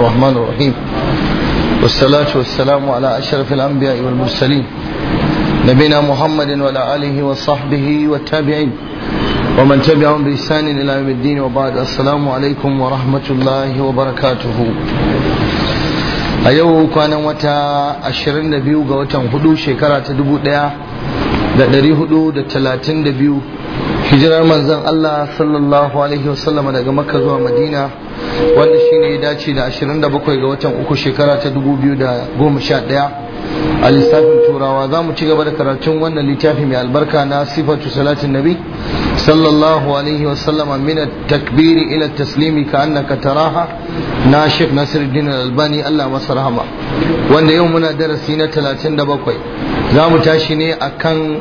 الرحمن الرحيم والصلاة والسلام على أشرف الأنبياء والمرسلين نبينا محمد وعلى آله وصحبه والتابعين ومن تبعهم بإحسان إلى يوم الدين وبعد السلام عليكم ورحمة الله وبركاته أيوه كان متى أشرين دبيو قوتا هدو شكرا تدبو ديا da ɗari hudu da talatin da biyu hijirar manzon Allah sallallahu alaihi wasallam daga Makka zuwa Madina wanda ne ya dace da 27 ga watan uku shekara ta 2011 a lissafin turawa za mu ci gaba da karatun wannan littafi mai albarka na sifatu salatin nabi sallallahu alaihi wasallama min takbiri ila taslimi ka annaka taraha na shek Sheikh Nasiruddin Albani Allah masa rahama wanda yau muna darasi na 37 za mu tashi ne a kan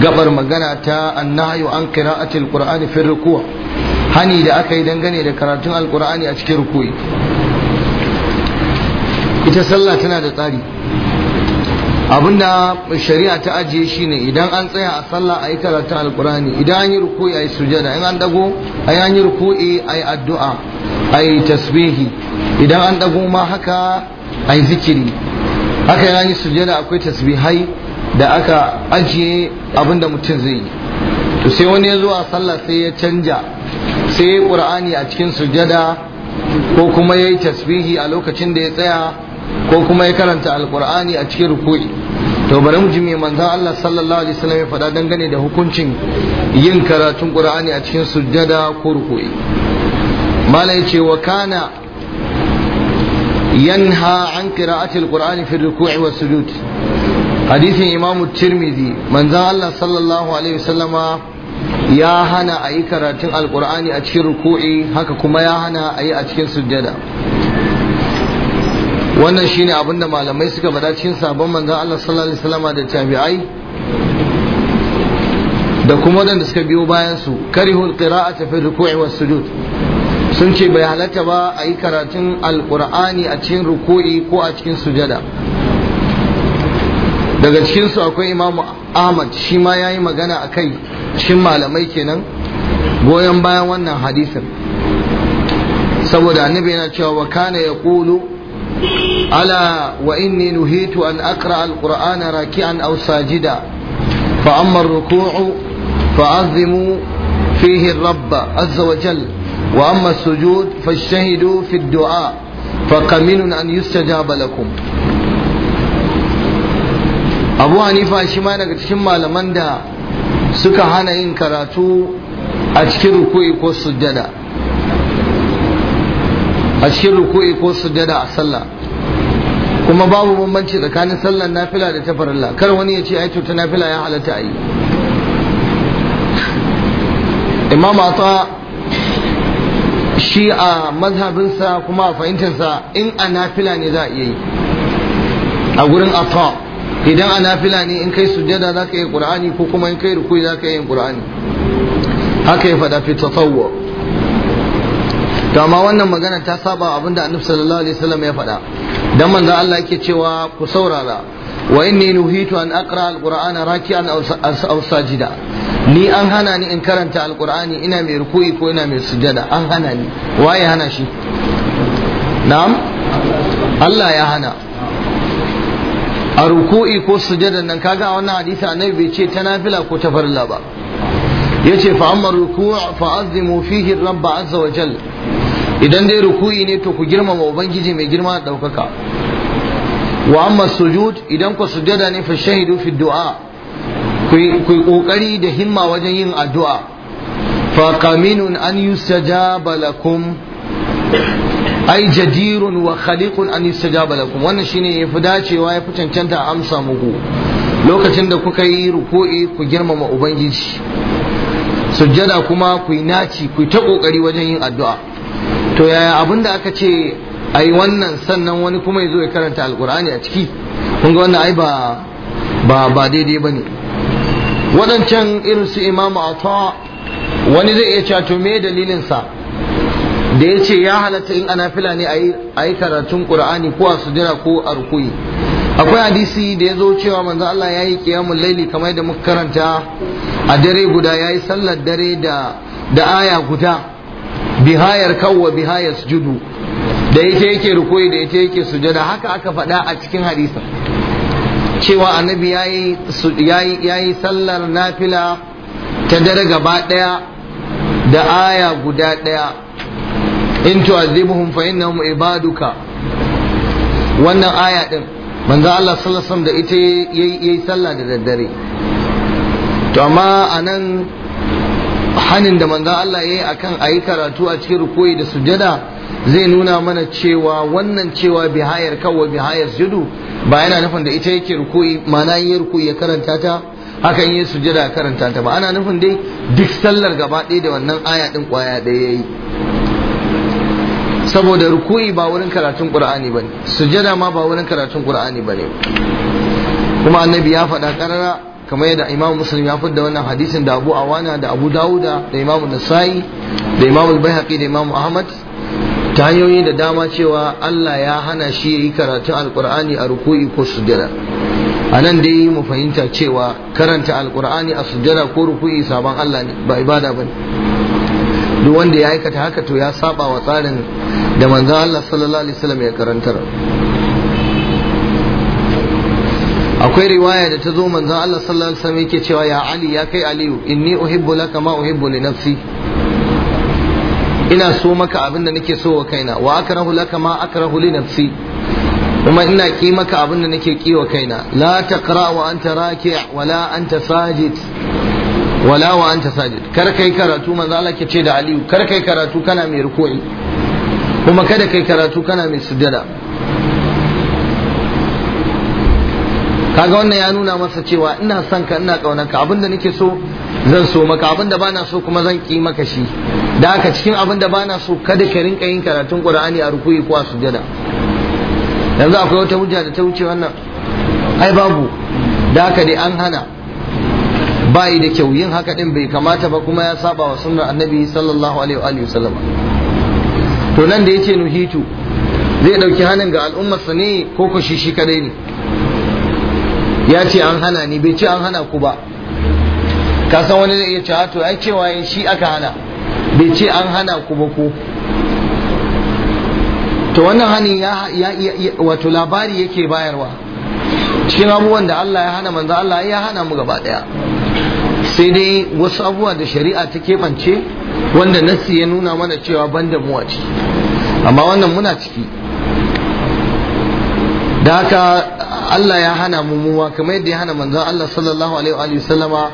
gabar magana ta annahyu an qira'atil qur'ani fi ruku' hani da aka yi dangane da karatun alqur'ani a cikin ruku'i ita sallah tana da tsari abinda shari'a ta ajiye shi ne idan an tsaya a sallah a yi karatun alkurani idan an yi ruku'i a yi sujada in an dago a yi an yi ruku'i a yi addu'a ai tasbihi idan an dago ma haka ai zikiri haka yana yi sujjada akwai tasbihai da aka ajiye abinda mutum zai yi to sai wani ya zuwa a sallah sai ya canja sai ya qur'ani a cikin sujjada ko kuma ya yi tasbihi a lokacin da ya tsaya ko kuma ya karanta alqur'ani a cikin ruku'i to bari mu ji me manzon Allah sallallahu alaihi wasallam ya faɗa dangane da hukuncin yin karatun qur'ani a cikin sujada ko ruku'i malai ce wa kana yanha an kira'atul qur'ani fi ruku'i wa sujud hadisin imamu tirmidhi manzo Allah sallallahu alaihi wasallama ya hana a yi karatun alqur'ani a cikin ruku'i haka kuma ya hana a yi a cikin sujjada wannan shine abinda malamai suka bada cikin sabon manzo Allah sallallahu alaihi wasallama da tabi'ai da kuma da suka biyo bayan su karihul qira'ata fi ruku'i wa sujud sun ce bai halatta ba a yi karatun alkur'ani a cikin ruko'i ko a cikin sujada daga cikinsu akwai imamu ahmad shi ma ya yi magana a kai cikin malamai kenan goyon bayan wannan hadisin saboda annabi yana cewa wa kana ya kulu ala wa inni nuhitu an akra alkur'ana raki'an aw sajida fa amma ar fa fa'azzimu fihi ar azza وأما السجود فاجتهدوا في الدعاء فقمن أن يستجاب لكم abu hanifa shi daga cikin malaman da suka hana yin karatu a cikin ruku'i ko sujjada a cikin ruku'i ko a sallah kuma babu bambanci tsakanin sallar nafila da ta farilla kar wani ya ce ai to ta nafila ya halatta a yi imam shi a mazhabinsa kuma a fahimtarsa in a nafila ne za a iya yi a gurin afa idan a nafila ne in kai sujjada za ka yi ƙur'ani ko kuma in kai rukui za ka yi ƙur'ani haka ya faɗa fito tsawo to amma wannan magana ta saba abin da annabi sallallahu alaihi wasallam ya faɗa dan manzo Allah yake cewa ku saurara wa inni nuhitu an aqra alqur'ana raki'an aw sajida ni an hana ni in karanta alkur'ani ina mai ruku'i ko ina mai sujada an hana ni waye hana shi na'am Allah ya hana a ruku'i ko sujada nan kaga wannan hadisi annabi bai ce ta nafila ko ta farilla ba yace fa amma ruku' fa azimu fihi rabb azza wa idan dai ruku'i ne to ku girmama ubangiji mai girma da daukaka wa amma sujud idan ku sujada ne fa shahidu fi du'a ku yi kokari da himma wajen yin addu'a fa qaminun an yustajaba lakum ai jadirun wa khaliqun an lakum wannan shine yafi dacewa yafi cancanta amsa muku lokacin da kuka yi ruku'i ku girmama ubangiji sujjada kuma ku yi naci ku ta kokari wajen yin addu'a to yaya da aka ce ai wannan sannan wani kuma ya zo ya karanta alkur'ani a ciki kun ga wannan ai ba ba daidai bane waɗancan irin su imamu ato wani zai iya cato me dalilin da ya ce ya halatta in ana fila ne a yi karatun ƙur'ani ko a sujira ko a rukuyi akwai hadisi da ya zo cewa manzo Allah ya yi kiyamun laili kamar da muka karanta a dare guda ya yi sallar dare da aya guda bihayar kawwa bihayar sujudu da ita yake rukuyi da ita yake sujada haka aka faɗa a cikin hadisin cewa annabi ya yi sallar nafila ta dare gaba ɗaya da aya guda ɗaya in tu'azibuhum fa innahum ibaduka wannan aya din manzo Allah sallallahu alaihi da ita yayi sallah da daddare to amma anan hanin da manzo Allah yayi akan yi karatu a cikin rukuyi da sujada zai nuna mana cewa wannan cewa bihayar kawai bihayar sujudu ba yana nufin da ita yake ruku'i ma'ana yi ruku'i ya karanta ta hakan yi sujada ya karanta ta ba ana nufin dai duk sallar gaba ɗaya da wannan aya ɗin ƙwaya ɗaya yi saboda ruku'i ba wurin karatun ba ne sujada ma ba wurin karatun ba ne. kuma annabi ya faɗa ƙarara kamar yadda imam muslim ya fidda wannan hadisin da abu awana da abu dawuda da imam nasai da imam al da imam ahmad ta hanyoyi da dama cewa Allah ya hana shi yi karatu alkur'ani a ruku'i ko sujjada a nan dai mu fahimta cewa karanta alkur'ani a sujjada ko ruku'i sabon Allah ne ba ibada ba ne duk wanda ya aikata haka to ya saba wa tsarin da manzon Allah sallallahu alaihi wasallam ya karantar akwai riwaya da ta zo manzon Allah sallallahu alaihi wasallam yake cewa ya Ali ya kai Aliyu inni uhibbu laka ma uhibbu li nafsi ina so maka abin da nake so wa kaina wa akrahu laka ma akrahu li nafsi kuma ina ki maka abin da nake ki wa kaina la taqra wa anta raki' wala anta sajid wala wa anta sajid kar kai karatu manzo Allah ke ce da Aliyu kar kai karatu kana mai ruku'i kuma kada kai karatu kana mai sujada kaga wannan ya nuna masa cewa ina son ka ina kaunar ka abinda nake so zan so maka abinda bana so kuma zan ki maka shi da haka cikin abinda bana so kada ka rinka yin karatun qur'ani a rukuyi ko a sujada yanzu akwai wata hujja da ta wuce wannan ai babu da haka dai an hana bayi da kyau yin haka din bai kamata ba kuma ya saba wa sunnar annabi sallallahu alaihi wa sallam to nan da yace nuhitu zai dauki hanin ga al'ummarsa ne ko ko shi shi kadai ne ya ce an hana ni bai ce an hana ku ba ka san wani zai iya cewa to ai cewa shi aka hana bai ce an hana ku ba ko to wannan hani ya wato labari yake bayarwa cikin abubuwan da Allah ya hana manzo Allah ya hana mu gaba daya sai dai wasu abubuwa da shari'a ta keɓance wanda nasi ya nuna mana cewa ban da mu a ciki amma wannan muna ciki da haka Allah ya hana mummuwa kamar yadda ya hana manzon Allah sallallahu alaihi wa sallama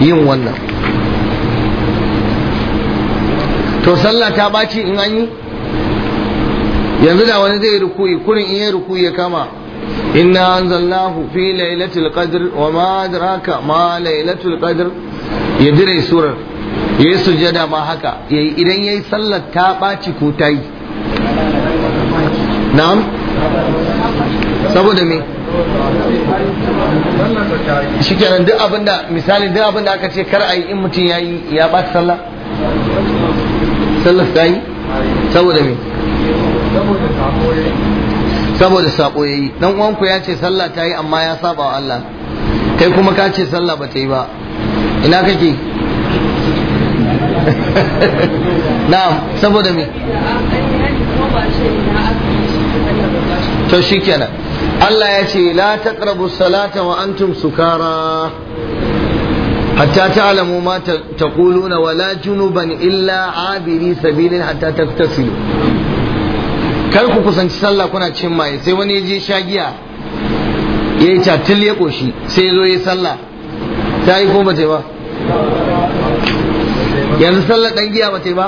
yin wannan to sallah ta baci in an yi yanzu da wani zai rukuyi kurin in ya rukuyi ya kama inna anzalnahu fi lailatul qadr wa ma adraka ma lailatul qadr ya dire surar yayi sujada ma haka yayi idan yayi sallar ta baci ko ta yi na'am saboda me shi kenan duk abinda misali duk abinda aka ce kar a yi in mutum ya yi ya ba sallah sallah ta yi saboda me saboda sako ya yi dan uwanku ya ce sallah ta yi amma ya saba wa Allah kai kuma ka ce sallah ba ta yi ba ina kake na'am saboda me to shikenan Allah ya ce la taqrabu salata wa antum sukara hatta ta'lamu ma taquluna wa la junuban illa abiri sabilin hatta taftasilu kar ku kusanci sallah kuna cin maye sai wani ya je shagiya ya yi catil ya koshi sai zo ya sallah ta yi ko ba ba yanzu sallah dan giya ba ba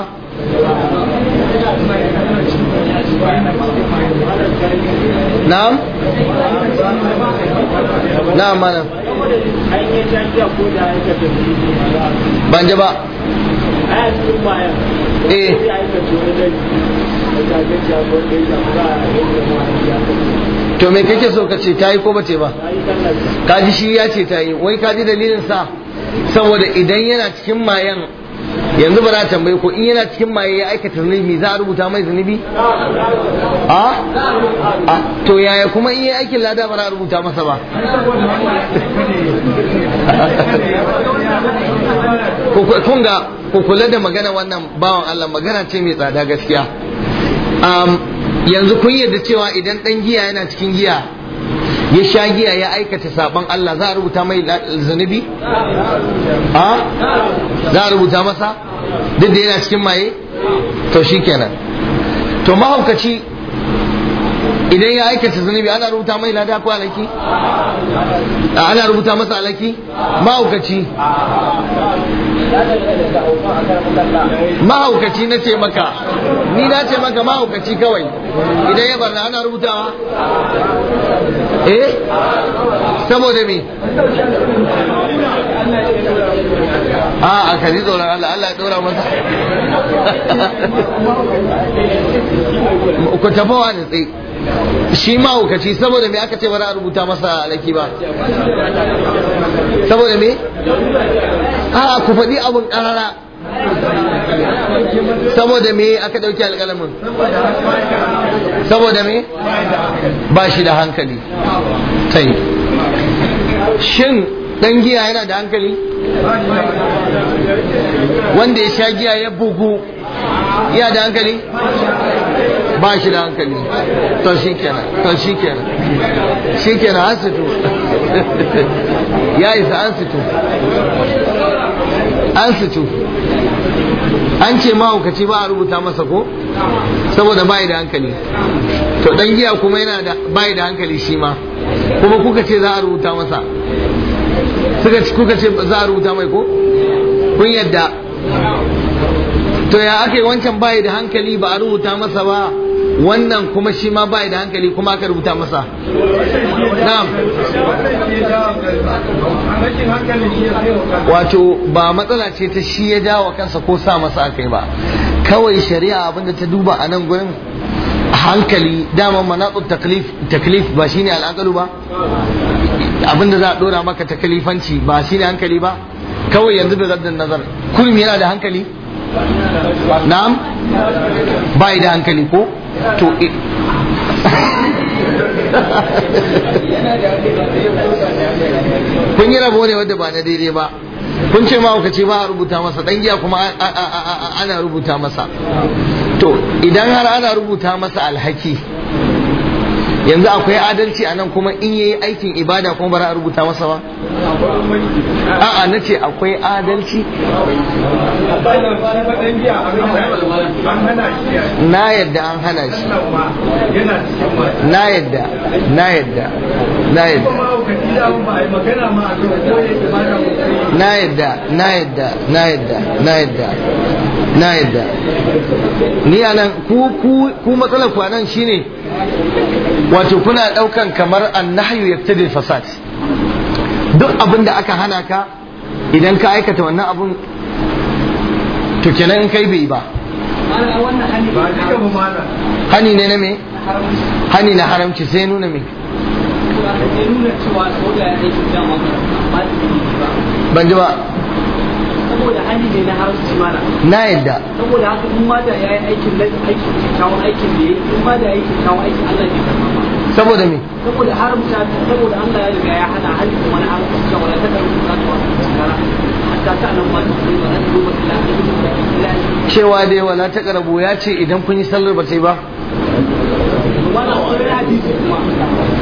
na'am na'am malam ban ji ba eh. to me kake so ka ce ta yi ko ba ce ba kaji shi ya ce ta yi wai kaji dalilin sa saboda idan yana cikin mayan yanzu ba za tambaye ko in yana cikin maye ya aikata zunubi za a rubuta mai zunubi a to yaya kuma in yi aikin lada ba za a rubuta masa ba kun ga ku kula da magana wannan bawan Allah magana ce mai tsada gaskiya yanzu kun yarda cewa idan dan giya yana cikin giya ya sha giya ya aikata saban Allah za a rubuta mai zunubi a za a rubuta masa duk da yana cikin maye to shikenan to mahaukaci idan ya aikata zunubi ana rubuta mai lada ko alaki ana rubuta masa alaki mahaukaci mahaukaci na ce maka ni na ce maka mahaukaci kawai idan ya barna ana rubuta? e saboda me ah, a a masa shi ma hukaci saboda me aka ce ba a rubuta masa alaki ba saboda me a ah, ku faɗi abin ƙarara saboda me aka dauki alƙalamin saboda me ba shi da hankali tai shin dan giya yana da hankali wanda ya sha giya ya bugu ya da hankali ba shi da hankali to shi kenan to shi kenan shi kenan an ya isa an an situ an ce mahaukaci ba a rubuta masa ko saboda bayi da hankali to dan giya kuma yana da bayi da hankali shi ma kuma kuka ce za a rubuta masa suka kuka ce za a rubuta mai ko kun yadda to ya ake wancan bayi da hankali ba a rubuta masa ba wannan kuma shi ma bai da hankali kuma aka rubuta masa na'am wato ba matsala ce ta shi ya dawo kansa ko sa masa aka yi ba kawai shari'a abinda ta duba a nan gurin hankali dama manatsun taklif taklif ba shine al'akalu ba abinda za a dora maka taklifanci ba shine hankali ba kawai yanzu da zaddan nazar kullum yana da hankali na'am bai da hankali ko to kun yi rabo ne wadda ba na daidai ba kun ce ma ce ba a rubuta masa dan giya kuma ana rubuta masa to idan har ana rubuta masa alhaki yanzu akwai adalci a nan kuma in yayi aikin ibada kuma bara a rubuta masa ba a'a na ce akwai adalci na yadda an hana shi na yadda na yadda na yadda na yadda na yadda na yadda na yadda na yadda ni anan ku ku matsalar ku anan shine wato kuna daukan kamar annahyu yaktadil fasad duk abin da aka hana ka idan ka aikata wannan abun to kenan in kai bai ba hani ne na me hani na haramci sai nuna me ban ji ba saboda hali ne na haramci mana na yadda saboda haka in ma da yayi aikin aikin kyakkyawan aikin da yayi in ma da yi kyakkyawan aikin Allah ne saboda me saboda har mutane saboda Allah ya riga ya hada hali kuma na haramta da la takaru cewa dai wala ta karabo ya ce idan kun yi sallar ba sai ba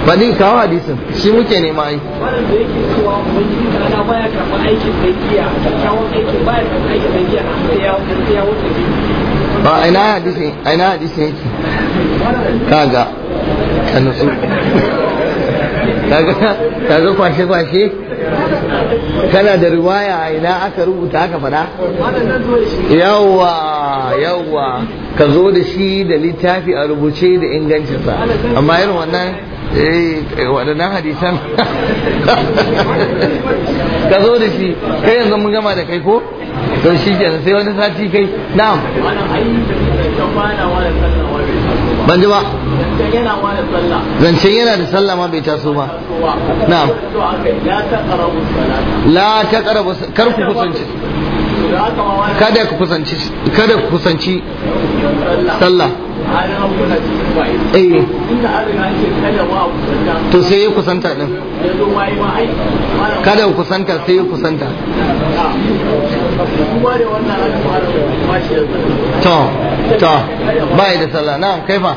faɗi kawo hadisin shi muke nema ai ba aina hadisin hadisin yake kaga ka kwashe kwashe kana da riwaya ina aka rubuta aka fada yawwa yawwa ka zo da shi da littafi a rubuce da ingancinsa amma yin wannan eh, waɗannan hadisan ka zo da shi kai yanzu mun gama da kai ko to shi ke sai wani sati kai na'am ban ji ba zancen yana da sallah ma bai taso ba na'am la ta karabu kar ku kusanci kada ku kusanci kada ku kusanci sallah eh to sai ya kusanta din kada ku kusanta sai ya kusanta ah. to to bai da sallah na kai fa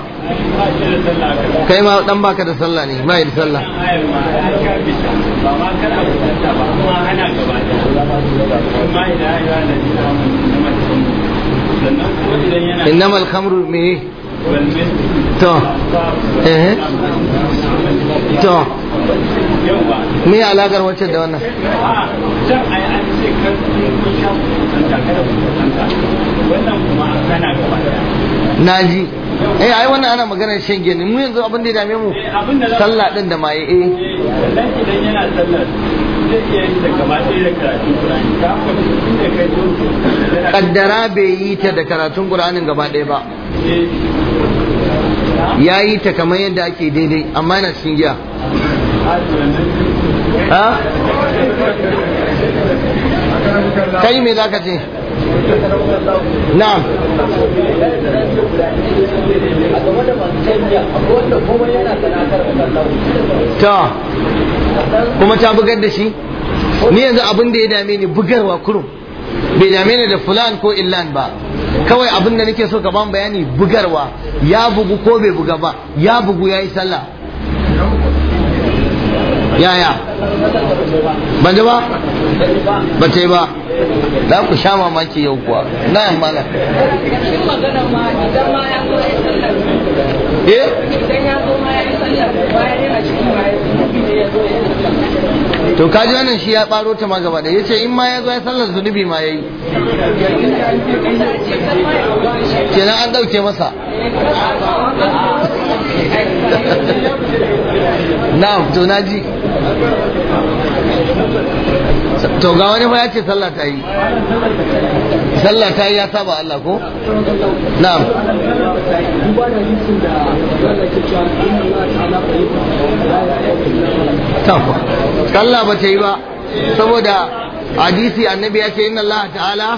kai ma dan baka da sallah ne bai da sallah innamal khamru من to eh to me alakar wacce da wannan na ji eh ai wannan ana maganar shan gani mu yanzu abin da ya dame mu sallah din da maye eh idan kaddara bai yi ta da karatun ƙur'anin gaba ɗaya ba ya yi ta kamar yadda ake daidai amma yana cikin giya kai me za ce ta kuma ta bugar da shi ni yanzu abin da ya dame ni bugarwa kurum bai dame ni da fulan ko illan ba kawai abin da nake so ka ban bayani bugarwa ya bugu ko bai buga ba ya bugu ya yi sallah yaya ban ji ba ta ba za ku sha mamaki yau kuwa na yi mana eh? to kaji wannan shi ya baro ta ma gaba da ce in ma ya zo ya sallar zunubi ma ya yayi kenan an dauke masa na'am to na ji to ga wani ba ya ce sallah ta yi sallah ta yi ya saba Allah ko na'am sallah ba ta yi ba saboda hadisi annabi ya ce inna Allah ta'ala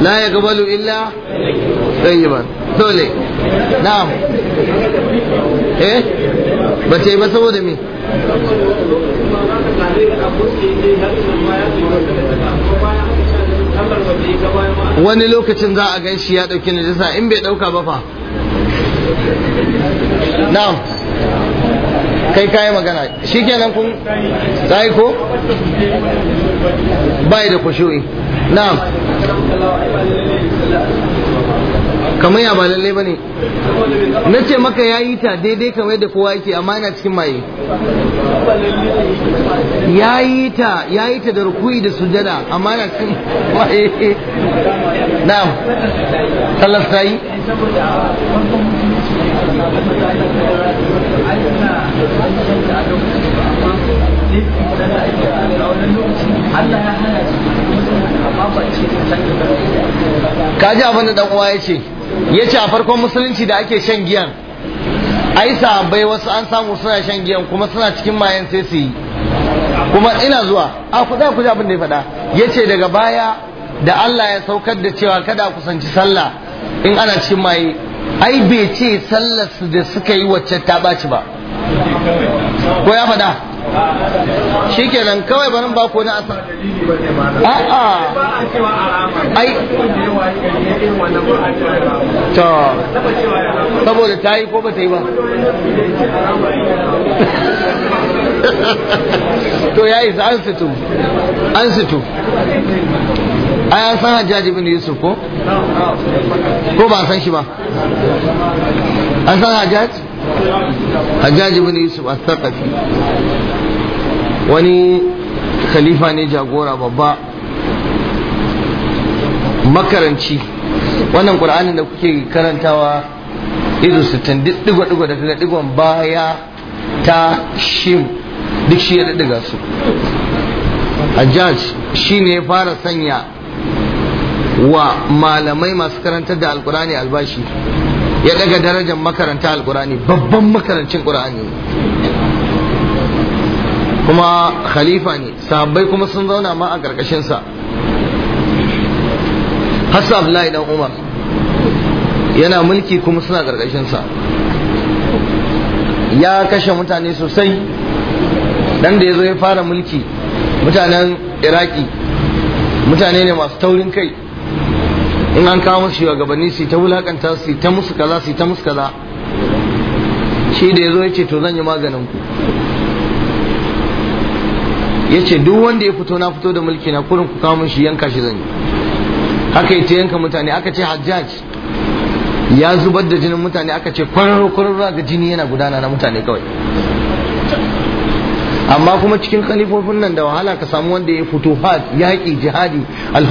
لا يقبل إلا illa دولي نعم دمي wani lokacin za a ganshi ya dauki najasa in bai dauka ba fa na'am kai kayi magana shi kenan kun tsayi ko bai da kushu'i na'am kamar ya ba lalle ne na ce maka ya yi ta daidai kamar yadda kowa yake amma yana cikin maye ya yi ta ya yi ta da rukui da sujada amma yana cikin maye na'am sallar ta yi kaji abin da dan uwa ya ce ya ce a farkon musulunci da ake shan giyan ai sahabbai wasu an samu suna shan giyan kuma suna cikin mayan sai su yi kuma ina zuwa a ku za ku ji abin da ya faɗa ya ce daga baya da Allah ya saukar da cewa kada ku sanci sallah in ana cikin maye ai bai ce sallar su da suka yi wacce ta ɓaci ba ko ya faɗa shi kenan kawai barin ba ko na asa a'a ai to saboda ta yi ko ba ta yi ba to ya yi za su an situ a an san hajjaji bin yusuf ko ko ba san shi ba an san hajjaj hajjaji bin yusuf a thaqafi wani khalifa ne jagora babba makaranci wannan qur'anin da kuke karantawa idu sittin duk digo-digo da digon baya ta shim duk shi ya diga su hajjaj shi ne ya fara sanya wa malamai masu karantar da alkurani albashi ya daga darajar makaranta alkurani babban makarancin kurani kuma khalifa ne sahabbai kuma sun zauna ma a ƙarƙashinsa hassa lai dan umar yana mulki kuma suna ƙarƙashinsa ya kashe mutane sosai dan da ya zo ya fara mulki mutanen iraki mutane ne masu taurin kai in an kawo musu gabanni su ta wulakanta su ta musu kaza su ta musu kaza shi da ya zo ya ce to zan yi maganin ku ya ce duk wanda ya fito na fito da mulki na kurin ku kawo shi yanka shi zan yi haka yi ta yanka mutane aka ce hajjaj ya zubar da jinin mutane aka ce kwararra kwararo ga jini yana gudana na mutane kawai amma kuma cikin khalifofin nan da wahala ka samu wanda ya futuhat yaƙi jihadi al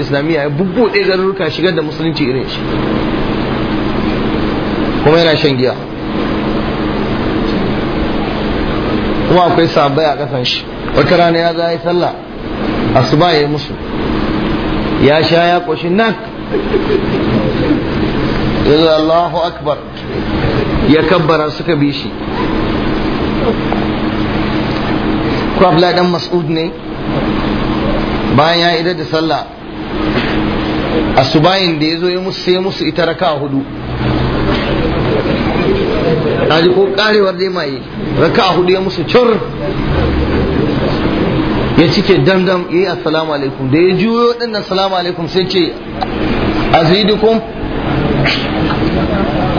islamiyya ya bubbuɗe garuruka shigar da musulunci irin shi kuma yana shan giya kuma akwai sabai a kasan shi wata rana ya za yi sallah asuba ya yi musu ya sha ya koshi nak Allahu akbar ya kabbara suka bi shi ko abdullahi dan mas'ud ne bayan ya idar da sallah asubayin da ya zo ya musu sai musu ita raka hudu na ji ko karewar dai maye raka hudu ya musu cur ya cike dandam ya yi assalamu alaikum da ya juyo din assalamu alaikum sai ce azidukum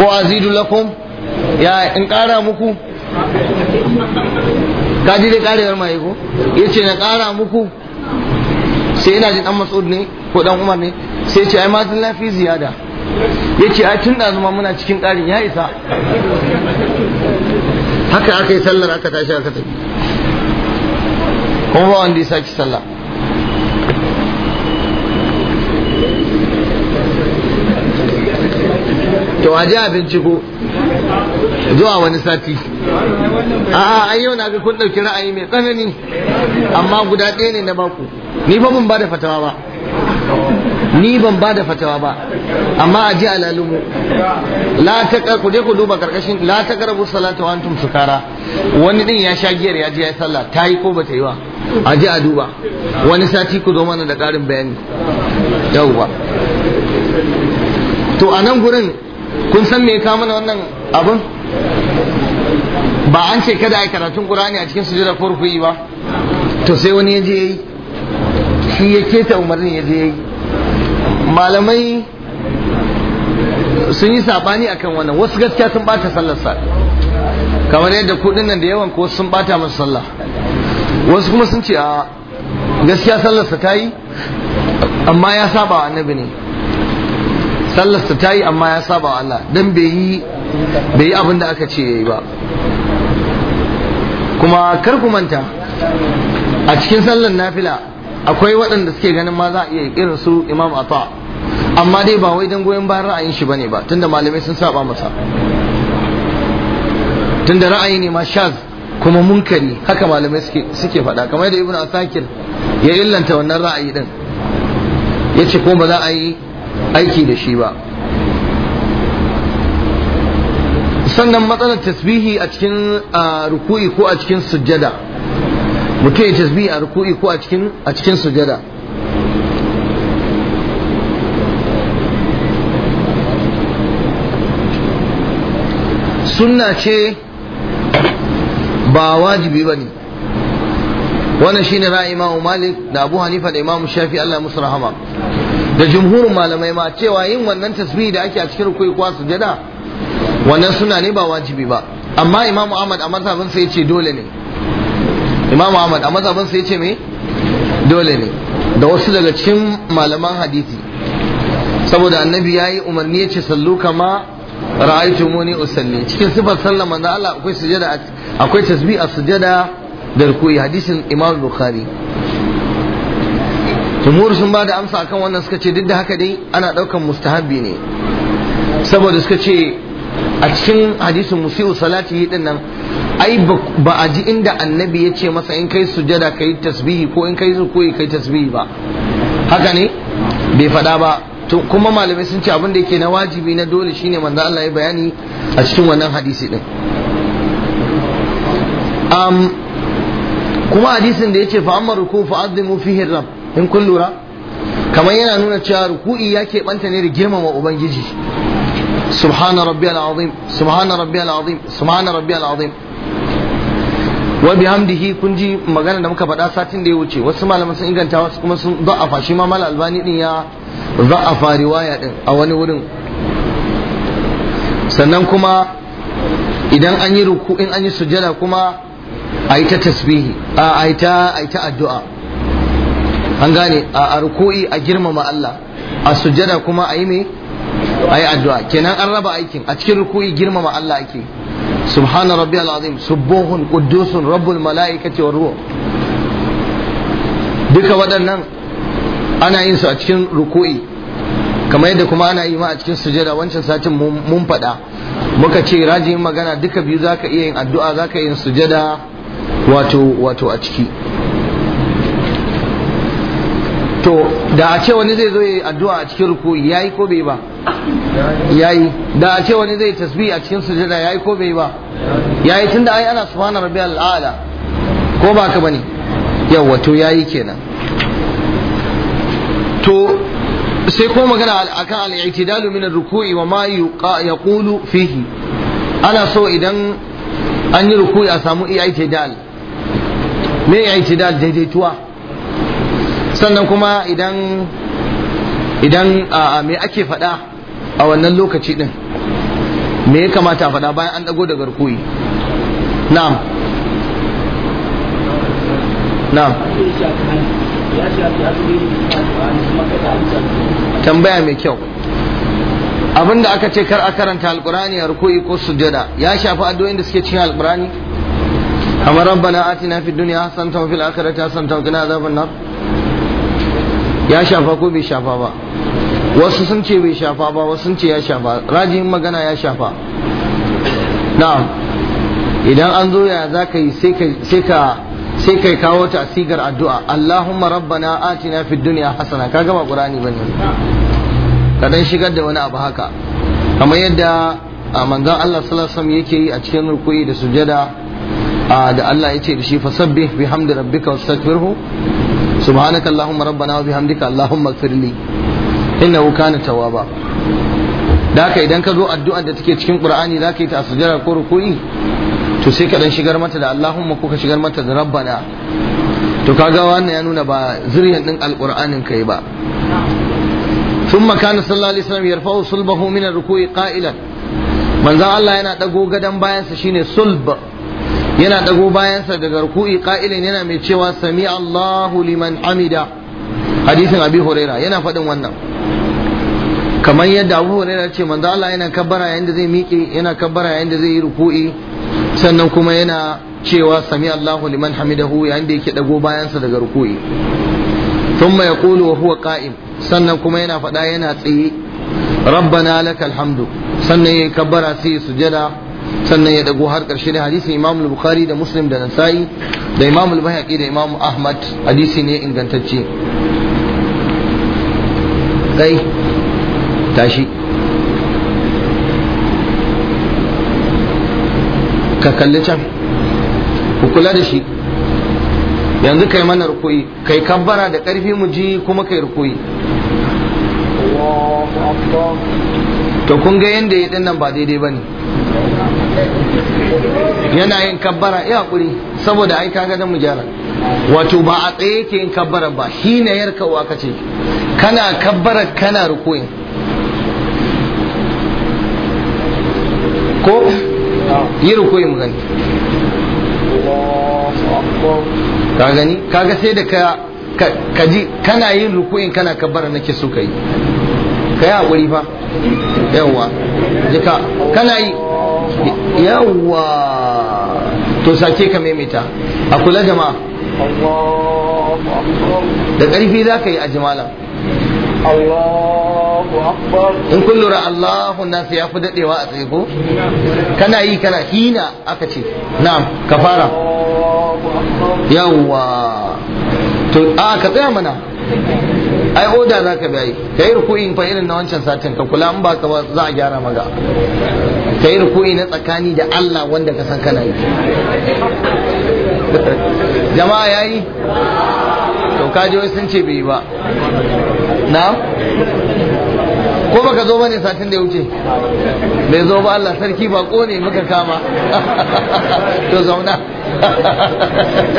ko azidu lakum ya in kara muku kaji dai karewar maye ko yace na kara muku sai ina jin dan matsud ne ko dan Umar ne sai ce ai matan lafi ziyada yace ai tun da zuma muna cikin karin ya isa haka aka yi sallar aka tashi aka tafi kuma wanda ya saki sallah to a ji abinci ko zuwa wani sati a'a ai yau na ga kun dauki ra'ayi mai tsanani amma guda ɗaya ne na baku ni fa mun bada fatawa ba ni ban bada fatawa ba amma a ji alalumu la ta ku je ku duba karkashin la ta karabu salatu wa antum sukara wani din ya sha giyar ya ji ya sallah ta yi ko ba ta yi ba a ji a duba wani sati ku zo mana da ƙarin bayani yauwa to a nan gurin kun san me ya kawo mana wannan abin ba an ce kada a yi karatun qur'ani a cikin sujada ko ruku'i ba to sai wani ya je yayi shi ya keta umarnin ya je yayi malamai sun yi sabani akan wannan wasu gaskiya sun bata sallar sa kamar yadda kudin nan da yawan ko sun bata masa sallah wasu kuma sun ce a gaskiya sallarsa ta yi amma ya saba wa annabi ne sallarsa ta yi amma ya saba wa Allah dan bai yi abin da aka ce yayi ba kuma kar ku manta a cikin sallar nafila akwai waɗanda suke ganin ma za a iya irin su imam ata amma dai ba wai dan goyon bayan ra'ayin shi bane ba tunda malamai sun saba masa tunda ra'ayi ne ma shaz kuma munkari haka malamai suke faɗa kamar da ibnu asakir ya illanta wannan ra'ayi din yace ko ba za a yi aiki da shi ba sannan matsalar tasbihi a cikin ruku'i ko a cikin sujjada mutum ya tasbihi a ruku'i ko a cikin sujjada sunna ce ba wajibi ba ne wannan shine ra'ayi imamu malik da abu hanifa da imamu shafi allah musu rahama da jumhurin malamai ma cewa yin wannan tasbihi da ake a cikin ruku'i ko a sujjada wannan suna ne ba wajibi ba amma imamu ahmad a mazhabin sai ce dole ne imamu ahmad a mazhabin sai ce me dole ne da wasu daga cikin malaman hadisi saboda annabi yayi umarni ya ce sallu kama ra'aytu muni usalli cikin sifar sallar manzo Allah akwai sujada akwai tasbih a sujada da rukuyi hadisin imam bukhari jumhur sun ba da amsa akan wannan suka ce duk da haka dai ana daukan mustahab'i ne saboda suka ce a cikin hadisin musiu salati din nan ai ba a ji inda annabi ya ce masa in kai sujada yi tasbihi ko in kai ka kai tasbihi ba haka ne bai faɗa ba to kuma malamai sun ce abin da yake na wajibi na dole shine manzo Allah ya bayani a cikin wannan hadisi din kuma hadisin da yace fa amma ruku fa azimu fihi rabb in kun lura kamar yana nuna cewa ruku'i ya keɓanta ne da girmama ubangiji سبحان ربي العظيم سبحان ربي العظيم سبحان ربي العظيم wa bihamdihi kun ji magana da muka faɗa satin da ya wuce wasu malaman sun inganta wasu kuma sun za'afa shi ma mal albani din ya za'afa riwaya din a wani wurin sannan kuma idan an yi ruku in an yi sujada kuma a yi ta tasbihi a yi ta a yi ta addu'a an gane a ruku'i a girmama Allah a sujada kuma a yi me Ayi addu'a kenan an raba aikin a cikin ruku'i girmama Allah ake subhana rabbiyal azim subuhun quddusun rabbul malaikati war ruh duka waɗannan ana yin su a cikin ruku'i kamar yadda kuma ana yi ma a cikin sujada wancan satin mun faɗa muka ce rajin magana duka biyu zaka iya yin addu'a zaka yi yin sujada wato wato a ciki to da a ce wani zai zo yi addu'a a cikin ya yayi ko bai ba yayi da a ce wani zai tasbih a cikin sujada yayi ko bai ba yayi tunda ai ana subhana rabbiyal a'la ko ba ka bane yawa to yayi kenan to sai ko magana akan al-i'tidalu min ar-ruku'i wa ma yaqulu fihi ana so idan an yi ruku'i a samu i'tidal me i'tidal daidaituwa sannan kuma idan idan me ake faɗa a wannan lokaci din me ya kamata a faɗa bayan an ɗago da garkuwi na'am na'am tambaya mai kyau abinda aka ce kar a karanta alkurani a rukuyi ko sujada ya shafi addu'o'in da suke cikin alkurani kamar rabbana atina fid dunya hasanatan wa fil akhirati hasanatan wa qina adhaban nar ya shafa ko bai shafa ba wasu sun ce bai shafa ba wasu sun ce ya shafa rajin magana ya shafa na idan an zo ya za ka yi sai ka kawo ta sigar addu'a Allahumma rabbana atina fi duniya hasana ka gama ba bane ka dan shigar da wani abu haka kamar yadda a manzon Allah sallallahu alaihi yake yi a cikin rukuyi da sujada da Allah ya ce da shi fasabbih bihamdi rabbika wastaghfirhu سبحانك اللهم ربنا وبحمدك اللهم allahumma لي innahu كان توابا da haka idan ka zo addu'ar da take cikin qur'ani za ka yi ta a sujjara ko ruku'i to sai ka dan shigar mata da allahumma ko ka shigar mata da rabbana to kaga wannan ya nuna ba zuriyan din alqur'anin kai ba ثم كان صلى الله عليه وسلم يرفع صلبه من الركوع قائلا manzon Allah yana ɗago gadon bayansa shine sulba. yana dago bayansa daga ruku'i qa'ilin yana mai cewa sami Allahu liman hamida hadisin Abi Huraira yana faɗin wannan kamar yadda Abu Huraira ce manzo Allah yana kabbara yayin da zai miƙe yana kabbara yayin da zai yi ruku'i sannan kuma yana cewa sami Allahu liman hamidahu yayin da yake dago bayansa daga ruku'i thumma yaqulu wa huwa qa'im sannan kuma yana faɗa yana tsaye rabbana lakal hamdu sannan yayi kabbara sai sujada sannan ya dago har karshe da hadisin imam bukhari da muslim da nasa'i da imam al-bayhaqi da imam ahmad hadisi ne ingantacce kai tashi ka kalli can ku kula da shi yanzu kai mana rukuyi kai kabbara da karfi mu ji kuma kai rukuyi to kun ga yanda ya dinnan ba daidai bane yana yin kabbara ya kuri saboda ai kaga dan mujara wato ba a tsaye yake yin kabbara ba shi ne yarka ka kace kana kabbara kana rukuin ko yi rukuin mu gani ka gani kaga sai da ka ka ji kana yin rukuin kana kabbara nake so kai kai hakuri fa yawa jika kana yi yawwa to sake ka maimaita a kula jama'a da ƙarfi za ka yi a jimala in kun lura Allahu nasu ya fi daɗewa a tsaye ko kana yi kana hina aka ce na ka fara yawwa to a ka tsaya mana ai oda za ka biya ka yi ruku'in fa irin na wancan satin ka kula in ba ka za a gyara maka ka yi ruku'i na tsakani da Allah wanda ka san kana yi jama'a yayi to kaji wai sun ce bai yi ba na ko baka zo bane satin da ya wuce bai zo ba Allah sarki ba ne muka kama to zauna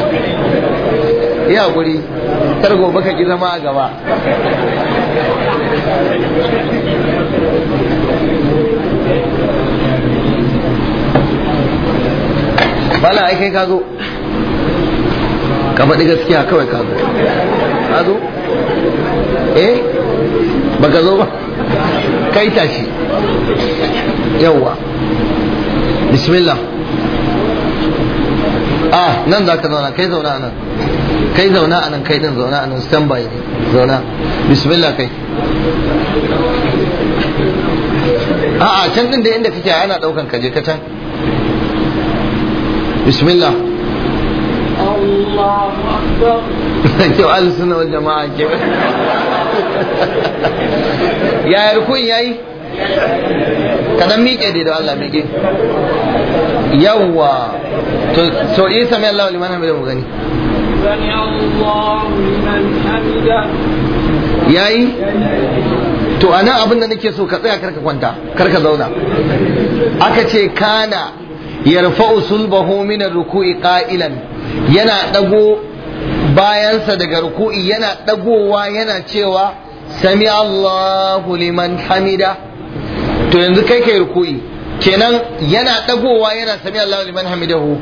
ya guri kar gobe ka ki zama a gaba bala ai kai ka zo ka faɗi gaskiya kawai ka zo ka zo eh baka zo ba kai tashi yawwa bismillah ah nan za ka zauna kai zauna nan kai zauna a nan kai din zauna a nan stand by zauna bismillah kai a can din da inda kake ana daukan kaje ka can bismillah Allahu akbar kyau al-sunna wal jama'a ke ya rukun yayi kadan miƙe dai da Allah miƙe yawwa to so yi sami Allah liman hamdahu mu gani yayi to anan abin da nake so ka tsaya karka kwanta karka zauna aka ce kana yarfa'u sulbahu min ruku'i qa'ilan yana dago bayansa daga ruku'i yana dagowa yana cewa sami Allahu liman hamida to yanzu kai kai ruku'i kenan yana dagowa yana sami Allahu liman hamidahu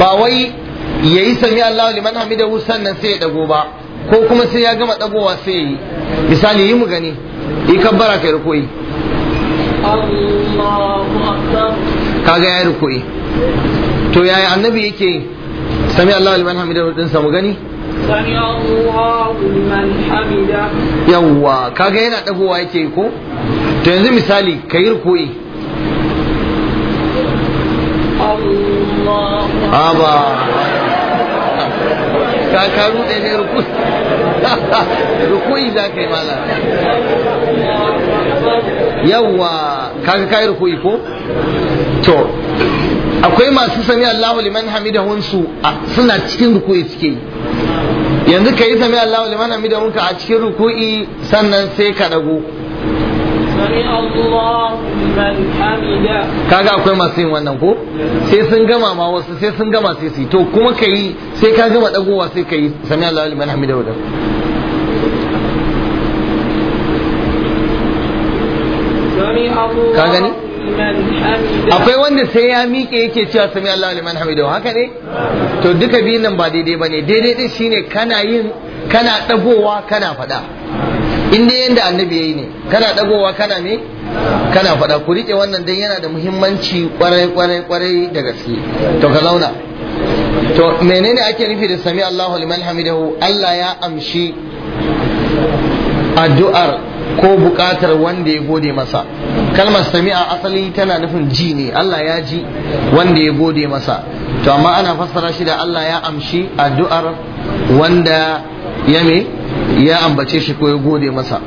ba wai yayi sami Allahu liman hamidahu sannan sai ya dago ba ko kuma sai ya gama dagowa sai yi misali yi mu gani yi kabbara kai rukuyi kaga ya rukuyi to yaya annabi yake sami allah liman hamidahu din samu mu gani yawwa kaga yana dagowa yake ko to yanzu misali kai rukuyi Aba. ka ka rude ne ruku ruku'i za ka yi mala yawa ka kai ruku'i ko to akwai masu sami Allahu liman hamidahun su suna cikin ruku'i suke yanzu ka yi sami Allahu liman hamida ka a cikin ruku'i sannan sai ka dago kaga akwai masu yin wannan ko sai sun gama ma wasu sai sun gama sai su to kuma ka yi sai ka gama dagowa sai ka yi sami Allah liman hamida wadda ka gani akwai wanda sai ya miƙe yake cewa sami Allah liman hamida haka ne to duka biyun nan ba daidai ba ne daidai din shine kana yin kana dagowa kana faɗa in dai yanda annabi yayi ne kana dagowa kana me kana faɗa ku rike wannan dan yana da muhimmanci kwarai kwarai kwarai da gaske to ka zauna to menene ake nufi da sami Allahu liman hamidahu Allah ya amshi addu'ar ko buƙatar wanda ya gode masa kalmar sami'a asali tana nufin ji ne Allah ya ji wanda ya gode masa to amma ana fassara shi da Allah ya amshi addu'ar wanda ya me ya ambace shi ko ya gode masa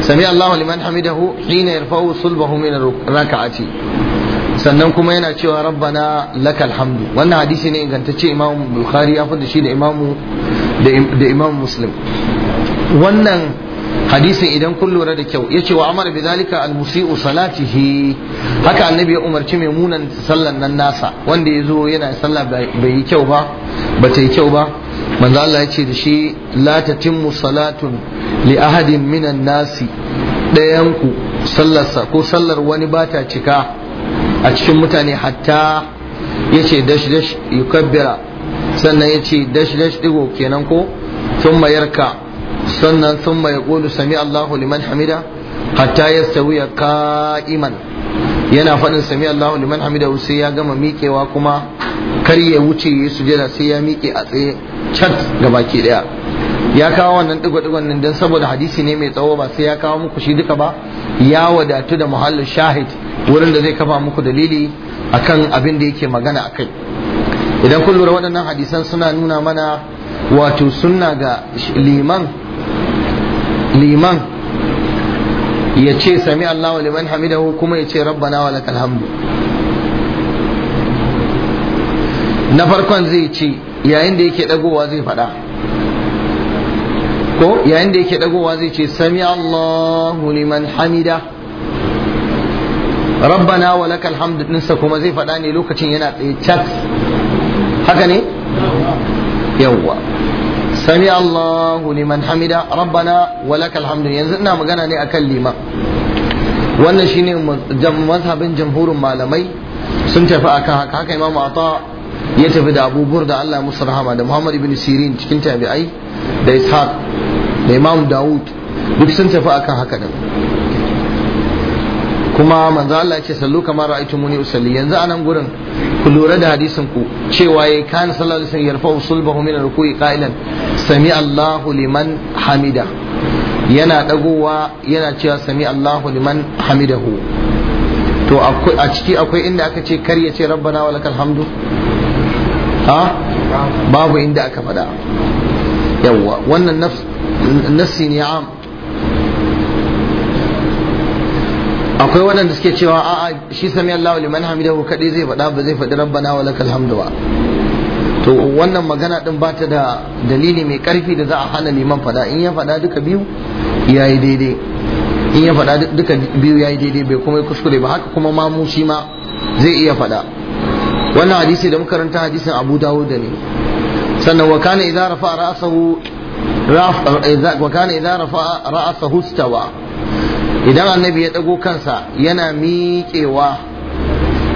sami Allahu liman hamidahu hina yarfa'u sulbahu min raka'ati sannan kuma yana cewa rabbana lakal hamdu wannan hadisi ne ingantacce imamu bukhari ya fada shi da imamu da imamu muslim wannan hadisin idan kun lura da kyau yace wa amara bi zalika al musiu salatihi haka annabi ya umarci mai munan sallan nan nasa wanda yazo yana sallah bai yi kyau ba bata yi kyau ba manzo Allah yace da shi la tatimmu salatun li ahadin minan nasi dayan ku sallarsa ko sallar wani bata cika a cikin mutane hatta yace dash dash yukabbira sannan yace dash dash digo kenan ko thumma yarka sannan sun mai ƙulu sami Allahu liman hamida hatta ya sauya ka'iman yana faɗin sami Allahu liman hamida sai ya gama miƙewa kuma kar ya wuce ya sujada sai ya miƙe a tsaye cat ga baki ɗaya ya kawo wannan ɗigo-ɗigon nan don saboda hadisi ne mai tsawo ba sai ya kawo muku shi duka ba ya wadatu da muhallin shahid wurin da zai kafa muku dalili akan abin da yake magana a kai. idan kun lura waɗannan hadisan suna nuna mana wato sunna ga liman liman ya ce sami Allah wa liman hamidahu kuma ya ce rabbana wa lakal hamdu na farkon zai ce yayin da yake dagowa zai fada, ko yayin da yake dagowa zai ce sami Allahu liman hamida rabbana wa lakal hamdu dinsa kuma zai fada ne lokacin yana tsaye cak haka ne yawwa sami Allahu liman hamida rabbana walakal hamdu yanzu ina magana ne akan liman wannan shine mazhabin jamhurin malamai sun tafi akan haka haka imam ata ya tafi da abubur da Allah musu rahama da Muhammad ibn Sirin cikin tabi'ai da Ishaq da Imam Dawud duk sun tafi akan haka din kuma manzo Allah yake sallu kamar muni usalli yanzu a nan gurin ku lura da hadisin ku cewa yayi kan sallallahu alaihi wasallam yarfa usulbahu min ruku'i qailan sami Allahu liman hamida yana dagowa yana cewa sami Allahu liman hamidahu to a ciki akwai inda aka ce kar ya ce rabbana walakal hamdu ha babu inda aka faɗa yawwa wannan nafsi ne akwai waɗanda suke cewa a'a shi sami Allahu liman hamidahu kadai zai faɗa ba zai faɗi rabbana wa lakal hamdu ba to wannan magana din ba ta da dalili mai karfi da za a hana liman faɗa in ya faɗa duka biyu yayi daidai in ya faɗa duka biyu yayi daidai bai kuma kuskure ba haka kuma mamu shi ma zai iya faɗa wannan hadisi da muka karanta hadisin Abu Dawud ne sannan wa kana idza rafa ra'sahu wa kana idza rafa ra'sahu stawa idan annabi ya ɗago kansa yana miƙewa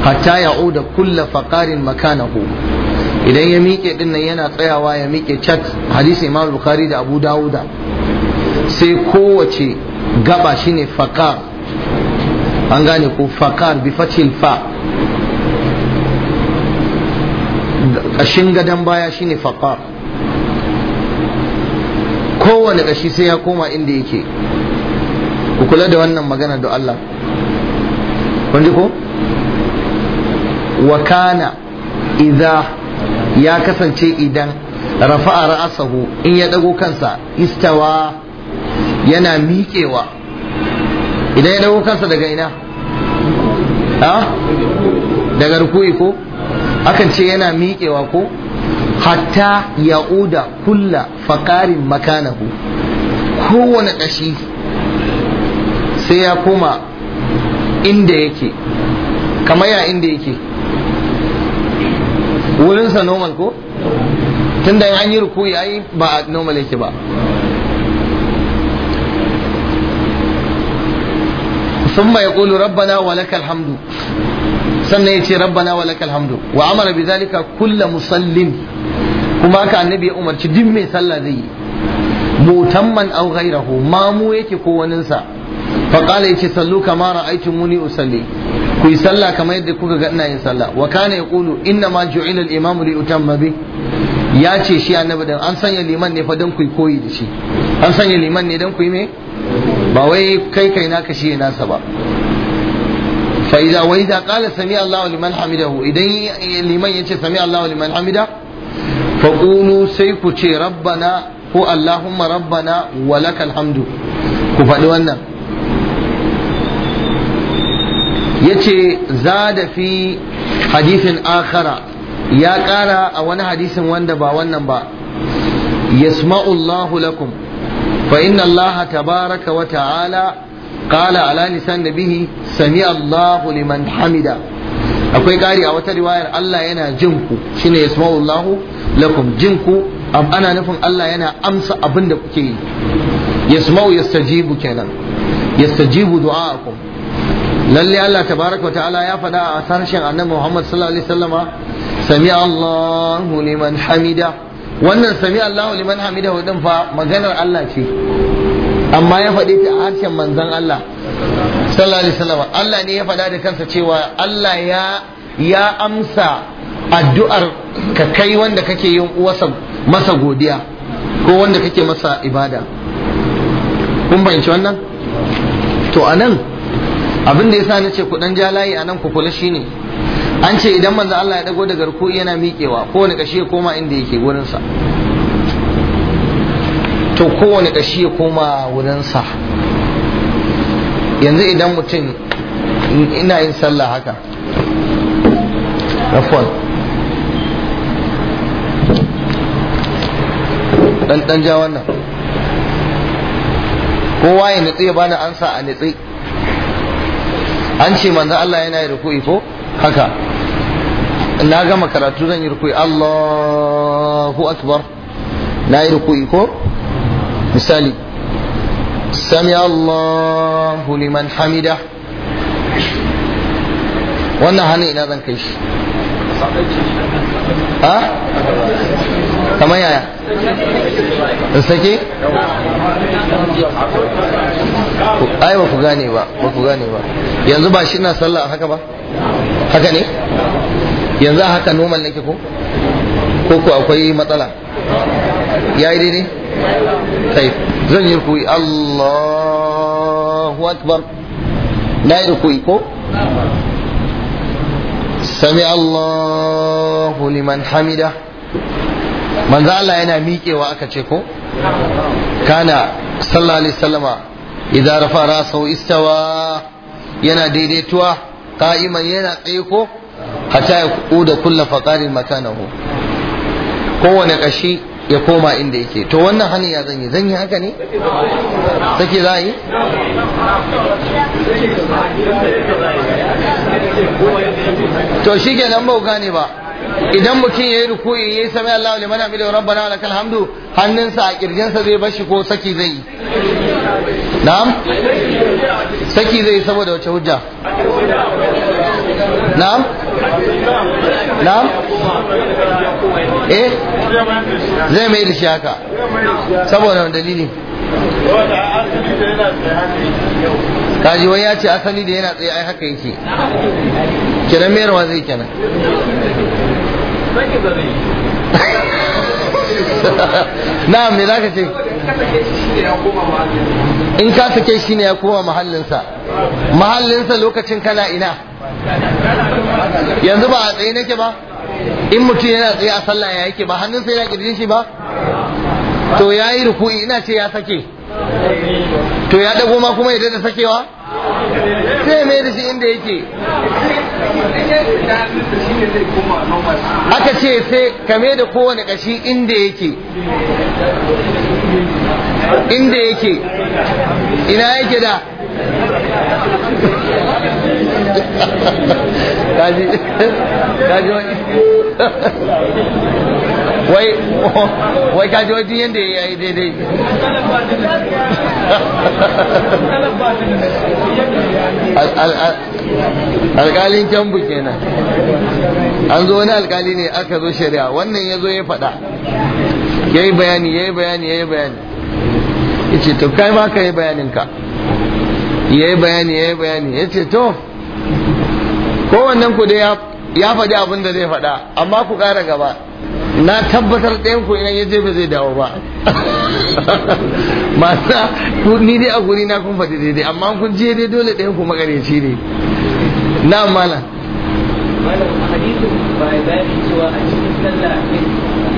hatta ya da kulla faƙarin makanahu idan ya miƙe nan yana tsayawa ya miƙe chat hadisi imam bukhari da abu dawuda sai kowace gaba shine faƙar an gane ko faƙar bi fatil fa ƙashin gadon baya shine faƙar kowane ƙashi sai ya koma inda yake ku kula da wannan magana da Allah kun ji ko wa kana idza ya kasance idan rafa'a ra'asahu in ya dago kansa istawa yana miƙewa idan ya dago kansa daga ina ha daga ruku'i ko akan ce yana miƙewa ko hatta ya'uda kulla faƙarin makanahu kowane ƙashi sai ya koma inda yake kamar ya inda yake wurinsa normal ko tunda an yi ruku ya yi ba a normal yake ba kulu, rabbana wa ولك hamdu. sannan ya ce rabbana wa lakal hamdu wa amara bi zalika kullu musallin kuma ka annabi ya umarci duk mai sallah zai yi mutamman aw ghairahu mamu yake ko waninsa faƙala ya ce sallu kama ra'aitu muni usalli ku yi sallah kamar yadda kuka ga ina yin sallah wa kana ya ƙulu inna ma ju'ila al-imamu li utamma bi ya ce shi annabi dan an sanya liman ne fa dan ku koyi da shi an sanya liman ne dan ku yi me ba wai kai kai ka shi nasa ba fa idza wa idza qala sami Allahu liman hamidahu idan liman yace sami Allahu liman hamida fa qulu sai ku ce rabbana ko allahumma rabbana wa lakal hamdu ku faɗi wannan yace zada fi hadithin akhara ya ƙara a wani hadisin wanda ba wannan ba yasma'u Allahu lakum fa inna Allah tabaraka wa ta'ala qala ala lisan nabihi sami Allahu liman hamida akwai kari a wata riwayar Allah yana jin ku shine yasma'u Allahu lakum jin ku ana nufin Allah yana amsa abin da kuke yi yasma'u yastajibu kenan yastajibu du'a'akum lalle Allah tabaraka ta'ala ya faɗa a sarshen annabi Muhammad sallallahu alaihi wasallama sami Allahu liman hamida wannan sami Allahu liman hamida din fa maganar Allah ce amma ya faɗe ta a harshen manzon Allah sallallahu alaihi wasallama Allah ne ya faɗa da kansa cewa Allah ya ya amsa addu'ar ka kai wanda kake yin uwasa masa godiya ko wanda kake masa ibada kun bayanci wannan to anan abin da yasa nace ku dan ja layi anan kukula shine an ce idan manzo Allah ya dago daga ruku'i yana miƙewa kowane kashi ya koma inda yake gurin sa to kowane kashi ya koma wurin sa yanzu idan mutum ina yin sallah haka afwan dan dan ja wannan kowa ya nitsi ya bani ansa a nitsi an ce manzan Allah yana yi ruku'i ko haka na gama karatu zan yi ruku'i Allahu akbar na yi ruku'i ko misali sami Allahu liman hamida wannan hannun ina zan kai shi ha kamar yaya da sake ai ba ku gane ba ba ku gane ba yanzu ba shi na sallah haka ba haka ne yanzu haka normal nake ko ko ku akwai matsala Ya yi daidai sai zan yi rukuyi Allahu akbar na yi rukuyi ko sami Allahu liman hamida manzo Allah yana miƙewa aka ce ko kana sallallahu alaihi wasallama idza rafa rasahu istawa yana daidaituwa qa'iman yana tsaye ko hatta ya kuda kullu faqarin makanahu kowane kashi ya koma inda yake to wannan hani ya zanyi zanyi haka ne sake za yi to shi ke nan bauka ne ba idan mutum ya yi rukuyi ya yi sami Allah liman hamidu rabbana lakal hamdu hannunsa a kirjinsa zai bashi ko saki zai yi na'am saki zai saboda wace hujja na'am na'am eh zai mai da shi haka saboda wani dalili kaji wai ya ce asali da yana tsaye ai haka yake kiran mayarwa zai kenan na'am me za ka ce in ka sake shi ne ya koma mahallinsa mahallinsa lokacin kana ina yanzu ba a tsaye nake ba in mutum yana tsaye a sallah ya yake ba hannunsa yana kirjin shi ba to ya yi ruku'i ina ce ya sake to ya dago ma kuma ya daina sakewa sai mai da shi inda yake aka ce sai kame da kowane kashi inda yake inda yake ina yake da kaji kaji wani wai wai ka ji wajen yadda ya yi daidai alkalin kyambu kenan an zo wani alkali ne aka zo shari'a wannan ya zo ya faɗa ya yi bayani ya yi bayani ya yi bayani ya ce to kai ma ka yi bayaninka ya yi bayani ya yi bayani ya ce to kowannan ku dai ya faɗi abin da zai faɗa amma ku ƙara gaba na tabbatar ɗayan ku idan ya je ba zai dawo ba masa ni dai a guri na kun faɗi daidai amma kun je dai dole ɗayan ku magareci ne na mala malam ya bayani cewa a cikin sallah wani ke samun a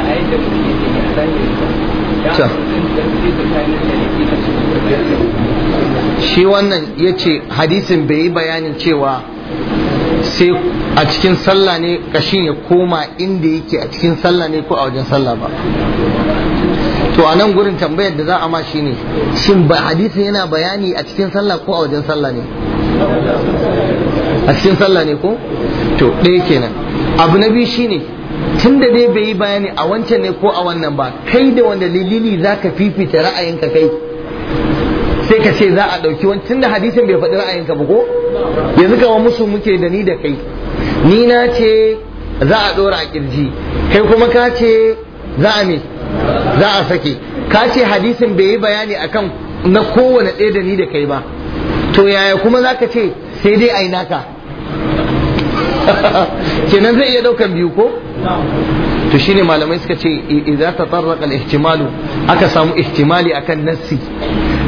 yadda ah, mutum yake a shi wannan ya ce hadisin bai yi bayanin cewa sai a cikin sallah ne kashin ya koma inda yake a cikin sallah ne ko a wajen sallah ba to a nan gurin tambayar da za a ma shi ne shin ba hadisin yana bayani a cikin sallah ko a wajen sallah ne a cikin sallah ne ko to ɗaya kenan abu na biyu shine tun da dai bai yi bayani a wancan ne ko a wannan ba kai da wanda dalili za ka fifita ra'ayinka kai sai ka ce za a ɗauki wani tun da hadisin bai faɗi ra'ayinka ba ko yanzu kama musu muke da ni da kai ni na ce za a ɗora a ƙirji kai kuma ka ce za a ne? za a sake ka ce hadisin bai yi bayani akan na kowane ɗaya da ni da kai ba to yaya kuma za ka ce sai dai a yi naka kenan zai iya daukan biyu ko to shine malamai suka ce idza tatarraqa al-ihtimalu aka samu ihtimali akan nassi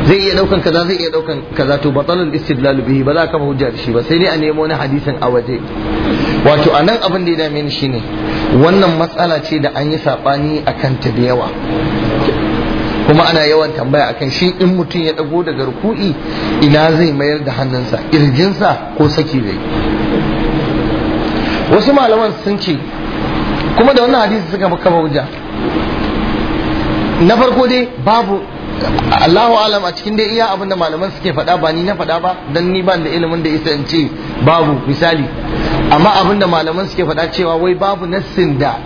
zai iya daukan kaza zai iya daukan kaza to batalul istidlal bihi ba za ka hujja da shi ba sai ne a nemo na hadisin a waje wato anan abin da ya dame ni shine wannan matsala ce da an yi sabani akan ta da yawa kuma ana yawan tambaya akan shi in mutum ya dago daga ruku'i ina zai mayar da hannunsa irjinsa ko saki zai wasu malaman sun ce kuma da wannan hadisi suka kafa hujja na farko dai babu Allahu alam a cikin dai iya abinda malaman suke faɗa ba ni na faɗa ba don ni ban da ilimin da isa in ce babu misali amma abinda da malaman suke faɗa cewa wai babu nassin da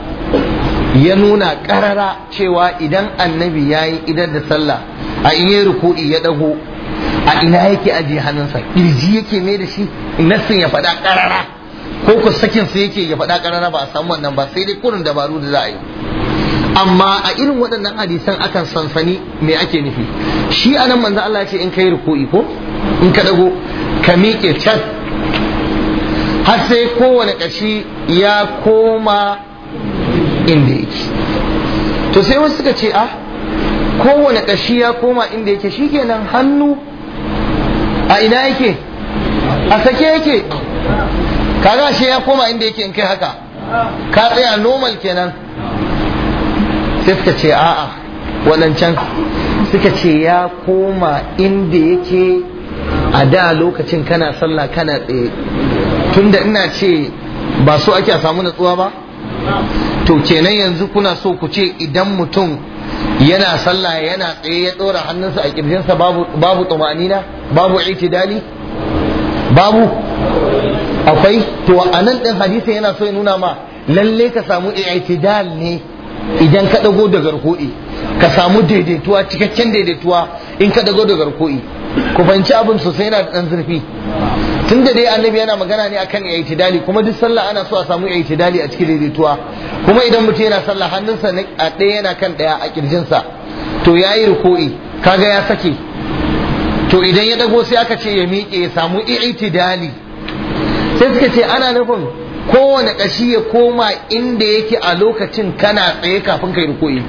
ya nuna ƙarara cewa idan annabi ya yi idan da sallah a in yi ruku'i ya dago a ina yake ajiye hannunsa ƙirji yake mai da shi nassin ya faɗa ƙarara ko ku sakin sa yake ya faɗa ƙarara ba a samu wannan ba sai dai kurin dabaru da za a yi amma a irin waɗannan hadisan akan sansani me ake nufi shi anan manzo Allah ya ce in kai ruku'i ko in ka dago ka miƙe can har sai kowane ƙashi ya koma inda yake to sai wasu suka ce ah kowane ƙashi ya koma inda yake shikenan hannu a ina yake a sake yake kaga shi ya koma inda yake in kai haka ka tsaya normal kenan sai suka ce a'a wadancan suka ce ya koma inda yake a da lokacin kana sallah kana tsaye tunda ina ce ba so ake a samu natsuwa ba to kenan yanzu kuna so ku ce idan mutum yana sallah yana tsaye ya ɗora hannunsa a kirjinsa babu babu babu itidali babu akwai to a nan ɗin hadisi yana so ya nuna ma lalle ka samu i'tidal ne idan ka dago da garkoi ka samu daidaituwa cikakken daidaituwa in ka dago da garkoi ku fanci abin sosai yana da ɗan zurfi Tunda da dai annabi yana magana ne akan i'tidali kuma duk sallah ana so a samu i'tidali a cikin daidaituwa kuma idan mutum yana sallah hannunsa a ɗaya yana kan ɗaya a kirjinsa to yayi ruku'i kaga ya sake to idan ya dago sai aka ce ya miƙe ya samu i'tidali sai suka ce ana nufin kowane ƙashi ya koma inda yake a lokacin kana tsaye kafin ka rukuyi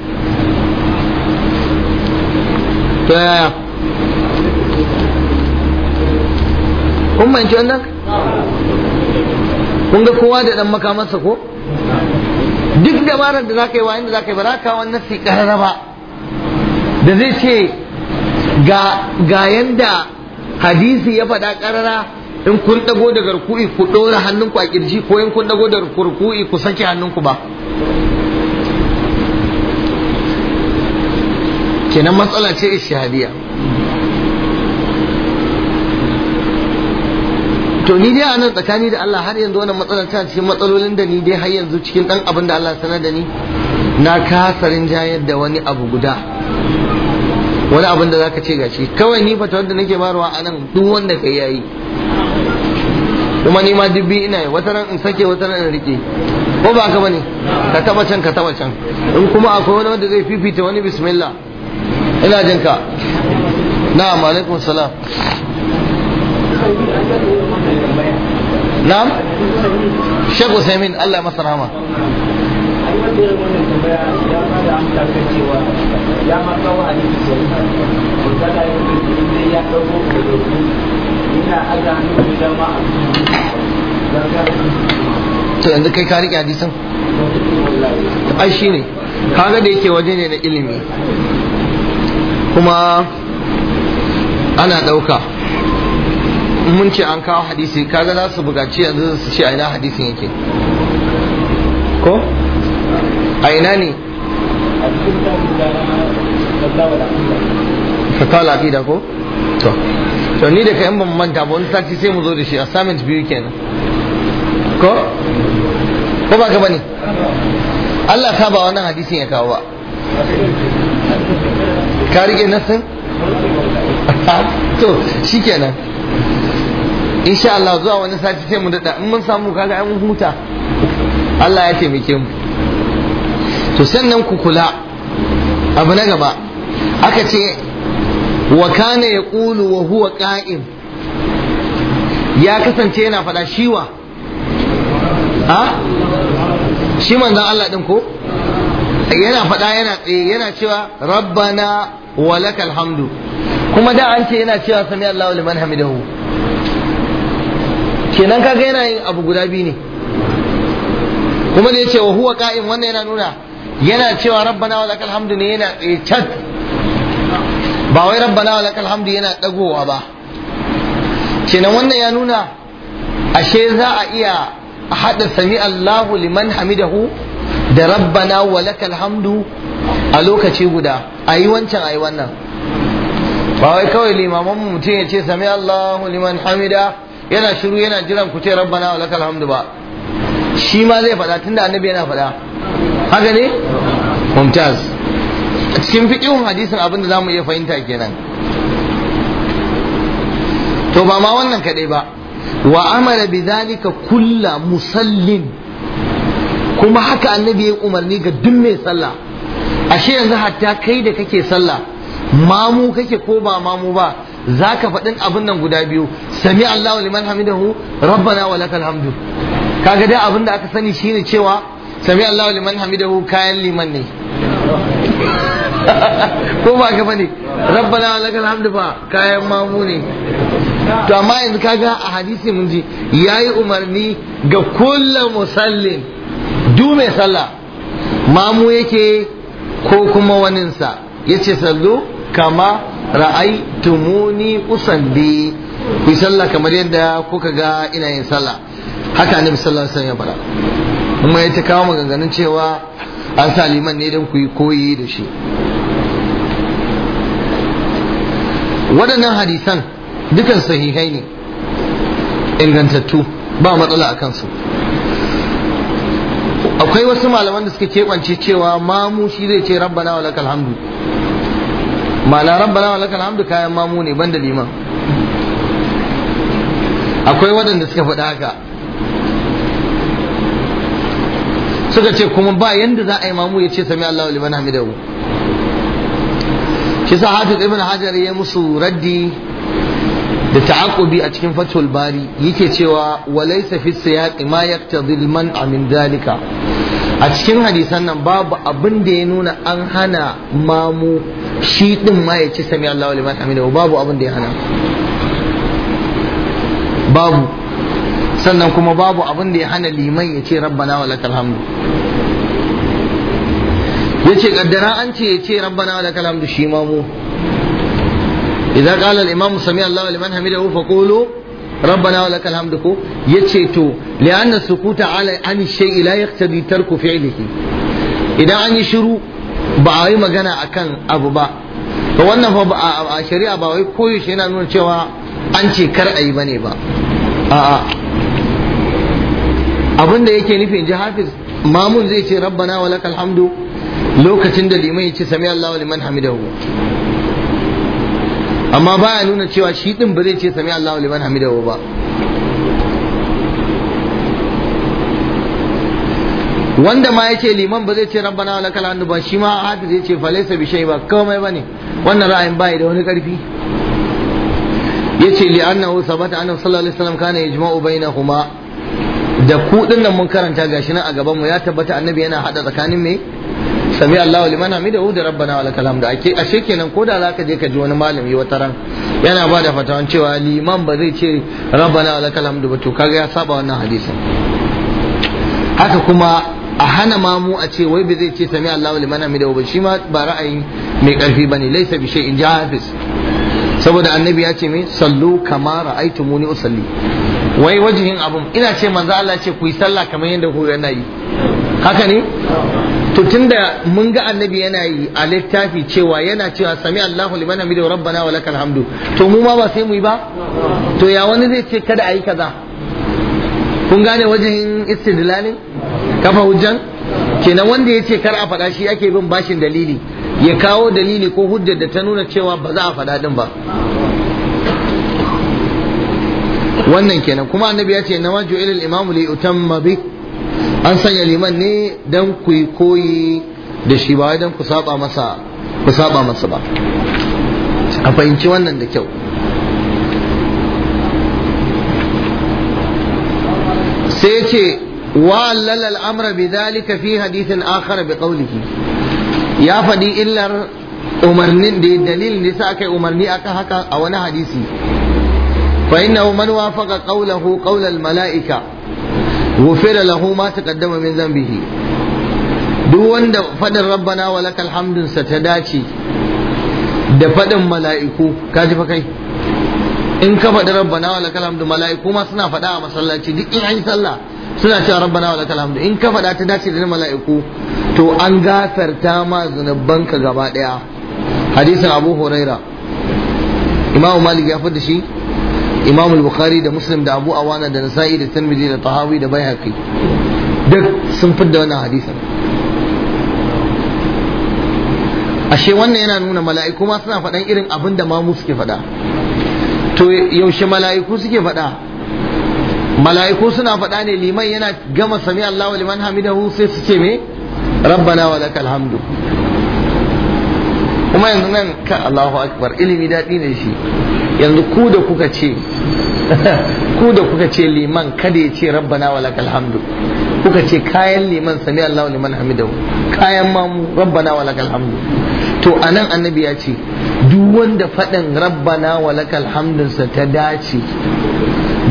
to yaya kun manci wannan kun ga kowa da dan makamansa ko duk da marar da za ka yi wa inda za ka yi ba za ka wannan fi karara ba da zai ce ga yanda hadisi ya faɗa karara in kun dago daga ruku'i ku dora hannunku a kirji ko in kun dago daga ruku'i ku sake hannunku ba kenan matsala ce ishihadiya to ni dai anan tsakani da Allah har yanzu wannan matsalar ta cikin matsalolin da ni dai har yanzu cikin dan abin da Allah sanar da ni na kasarin jayar da wani abu guda wani abin da zaka ce gashi kawai ni fata wanda nake barwa anan duk wanda kai yayi kuma ni ma dubbi ina yi wata ran in sake wata ran in rike ko ba ka bane ka taba can ka taba can in kuma akwai wani wanda zai fifita wani bismillah ina jin ka na'am alaikum salam na'am Sheikh Usaimin Allah masa rahama ya to yanzu kai ka rike hadisan ai ne kaga da yake waje ne na ilimi kuma ana ɗauka mun ce an kawo hadisi kaga za su bugaci yanzu su ce a ina hadisin yake ko a ina ne ka kawo da ko to to ni da kai ban manta ba wani sati sai mu zo da shi assignment biyu kenan ko ko ba ka bane Allah ka ba wannan hadisin ya kawo ba ka rike nasin to shikenan insha Allah zuwa wani sati sai mu dada in mun samu kaga an huta Allah ya taimake mu to sannan ku kula abu na gaba aka ce wa kana yaqulu wa huwa qa'im ya kasance yana faɗa shiwa a shi manzon Allah din ko yana faɗa yana tsaye yana cewa rabbana wa lakal hamdu kuma da an ce yana cewa sami Allahu liman hamidahu kenan kaga yana yin abu guda biyu ne kuma da ce wa huwa qa'im wannan yana nuna yana cewa rabbana wa lakal hamdu ne yana tsaye chat ba wai rabbana wa lakal hamdu yana dagowa ba kenan wannan ya nuna ashe za a iya hada sami Allahu liman hamidahu da rabbana wa lakal hamdu a lokaci guda a yi wancan a yi wannan ba wai kawai limaman mutum ya ce sami Allahu liman hamida yana shiru yana jiran ku ce rabbana wa lakal hamdu ba shi ma zai faɗa tunda annabi yana faɗa haka ne mumtaz a cikin fiƙihun hadisin abin da mu iya fahimta kenan to ba ma wannan kaɗai ba wa amara bi zalika kulla musallin kuma haka annabi ya umarni ga duk mai sallah ashe yanzu hatta kai da kake sallah mamu kake ko ba mamu ba zaka faɗin abin nan guda biyu sami Allahu liman hamidahu rabbana wa lakal hamdu kaga dai abin da aka sani shine cewa sami Allahu liman hamidahu kayan liman ne ko ba ka bane rabbana lakal hamdu fa kayan mamu ne to amma yanzu kaga a hadisi mun ji yayi umarni ga kullu musallin du mai sallah mamu yake ko kuma sa yace sallu kama ra'aytumuni usalli ku sallah kamar yadda kuka ga ina yin sallah haka annabi sallallahu alaihi wasallam ya fara kuma ya ta kawo maganganun cewa an sa liman ne don ku yi koyi da shi waɗannan hadisan dukan sahihai ne ingantattu ba matsala a kansu akwai wasu malaman da suka keɓance cewa mamu shi zai ce rabbana wa lakal hamdu ma'ana rabbana wa lakal hamdu kayan mamu ne banda liman akwai waɗanda suka faɗa haka suka ce kuma ba yanda za a yi mamu ya ce sami Allahu liman hamidahu shi sa hafiz ibn hajar ya musu raddi da ta'aqubi a cikin fathul bari yake cewa laysa fi siyaqi ma yaqtadi al min dalika a cikin hadisan nan babu abin da ya nuna an hana mamu shi din ma ya ci sami Allahu liman wa babu abin da ya hana babu sannan kuma babu abin da ya hana liman ya ce rabbana wa lakal yace kaddara an ce ce rabbana wa lakal hamdu shi ma mu idza iman al imam sami Allahu liman hamidahu fa qulu rabbana wa lakal hamdu ko yace to li su kuta ala an shay la yaqtadi tarku fi'lihi idan an yi shiru ba a yi magana akan abu ba to wannan fa a shari'a ba wai koyaushe yana nuna cewa an ce kar a yi bane ba a'a abin da yake nufin ji hafiz mamun zai ce rabbana wa lakal hamdu lokacin da liman ya ce sami Allah wa liman hamidahu amma ba ya nuna cewa shi din ba zai ce sami Allah wa liman hamidahu ba wanda ma yace liman ba zai ce rabbana wa lakal hamdu ba shi ma hafiz yace fa laysa bi shay ba komai bane wannan ra'ayin bai da wani karfi yace li annahu sabata annahu sallallahu alaihi wasallam kana yajma'u bainahuma da ku dinnan mun karanta gashi nan a gaban mu ya tabbata annabi yana hada tsakanin me sami Allah liman hamidahu da rabbana wa lakal ake ashe kenan ko da zaka je ka ji wani malami wata ran yana ba da fatawan cewa liman ba zai ce rabbana wa lakal hamdu ba to kaga ya saba wannan hadisi haka kuma a hana mamu a ce wai ba zai ce sami Allah liman hamidahu ba shi ma ba ra'ayi mai karfi bane laisa bi in ja hafiz saboda annabi ya ce mai sallu kama ra'aytumuni usalli wai wajihin abun ina ce manzo Allah ce ku yi sallah kamar yadda ku yana yi haka ne to tunda mun ga annabi yana yi a littafi cewa yana cewa sami Allahu liman wa rabbana wa lakal hamdu to mu ma ba sai mu yi ba to ya wani zai ce kada a yi kaza kun gane wajen istidlalin kafa hujjan kenan wanda ya ce kar a faɗa shi ake bin bashin dalili ya kawo dalili ko hujjar da ta nuna cewa ba za a faɗa din ba wannan kenan kuma annabi ya ce nawaju ilal imamu li utamma bih an sanya liman ne don ku yi koyi da shi ba wai don ku saba masa ba a fahimci wannan da kyau sai ya ce wa lalal amra bi zalika fi hadithin akhar bi qawlihi ya faɗi illar umarnin da dalil da sa aka yi umarni aka haka a wani hadisi fa innahu man wafaqa qawlahu qawla mala'ika gufira lahu ma taqaddama min zambihi duk wanda fadin rabbana wa lakal sa ta dace da fadin mala'iku ka ji fa kai in ka faɗi rabbana wa lakal hamdu mala'iku ma suna faɗa a masallaci duk in an sallah suna cewa rabbana wa lakal hamdu in ka faɗa ta dace da mala'iku to an gafarta ma ka gaba ɗaya hadisin abu huraira imamu malik ya fi da shi imam bukhari da muslim da abu awana da nasa'i da tirmidhi da tahawi da bayhaqi duk sun fidda wannan hadisin ashe wannan yana nuna mala'iku ma suna faɗan irin abin da mamu suke faɗa to yaushe mala'iku suke faɗa mala'iku suna faɗa ne liman yana gama sami Allahu liman hamidahu sai su ce me rabbana wa lakal hamdu kuma yanzu nan ka Allahu akbar ilimi daɗi ne shi yanzu ku da kuka ce ku da kuka ce liman kada ya ce rabbana wa lakal hamdu kuka ce kayan liman sami Allahu liman hamidahu kayan mamu rabbana wa lakal hamdu to anan annabi ya ce duk wanda faɗin rabbana wa lakal sa ta dace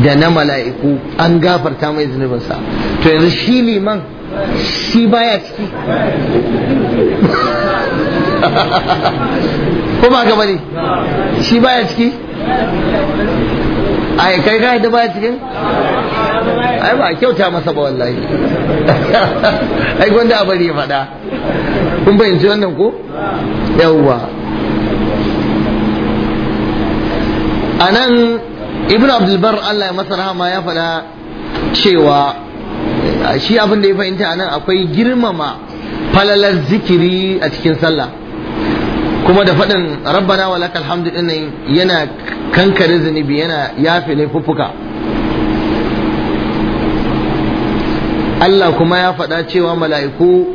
da na mala'iku an gafarta mai sa to yanzu shi liman shi baya ciki kuma ga bane shi baya ciki ai kai kai da baya cikin ai ba kyauta masa ba wallahi ai gonda a bari fada faɗa kun fahimci wannan ko yawwa a nan abdul abdulbar allah ya masa rahama ya faɗa cewa eh, shi abin da ya fahimta anan akwai girmama falalar zikiri a cikin sallah kuma da faɗin rabbana wa lakal hamdu din yana kankare zunubi yana yafe laifuffuka Allah kuma ya faɗa cewa mala'iku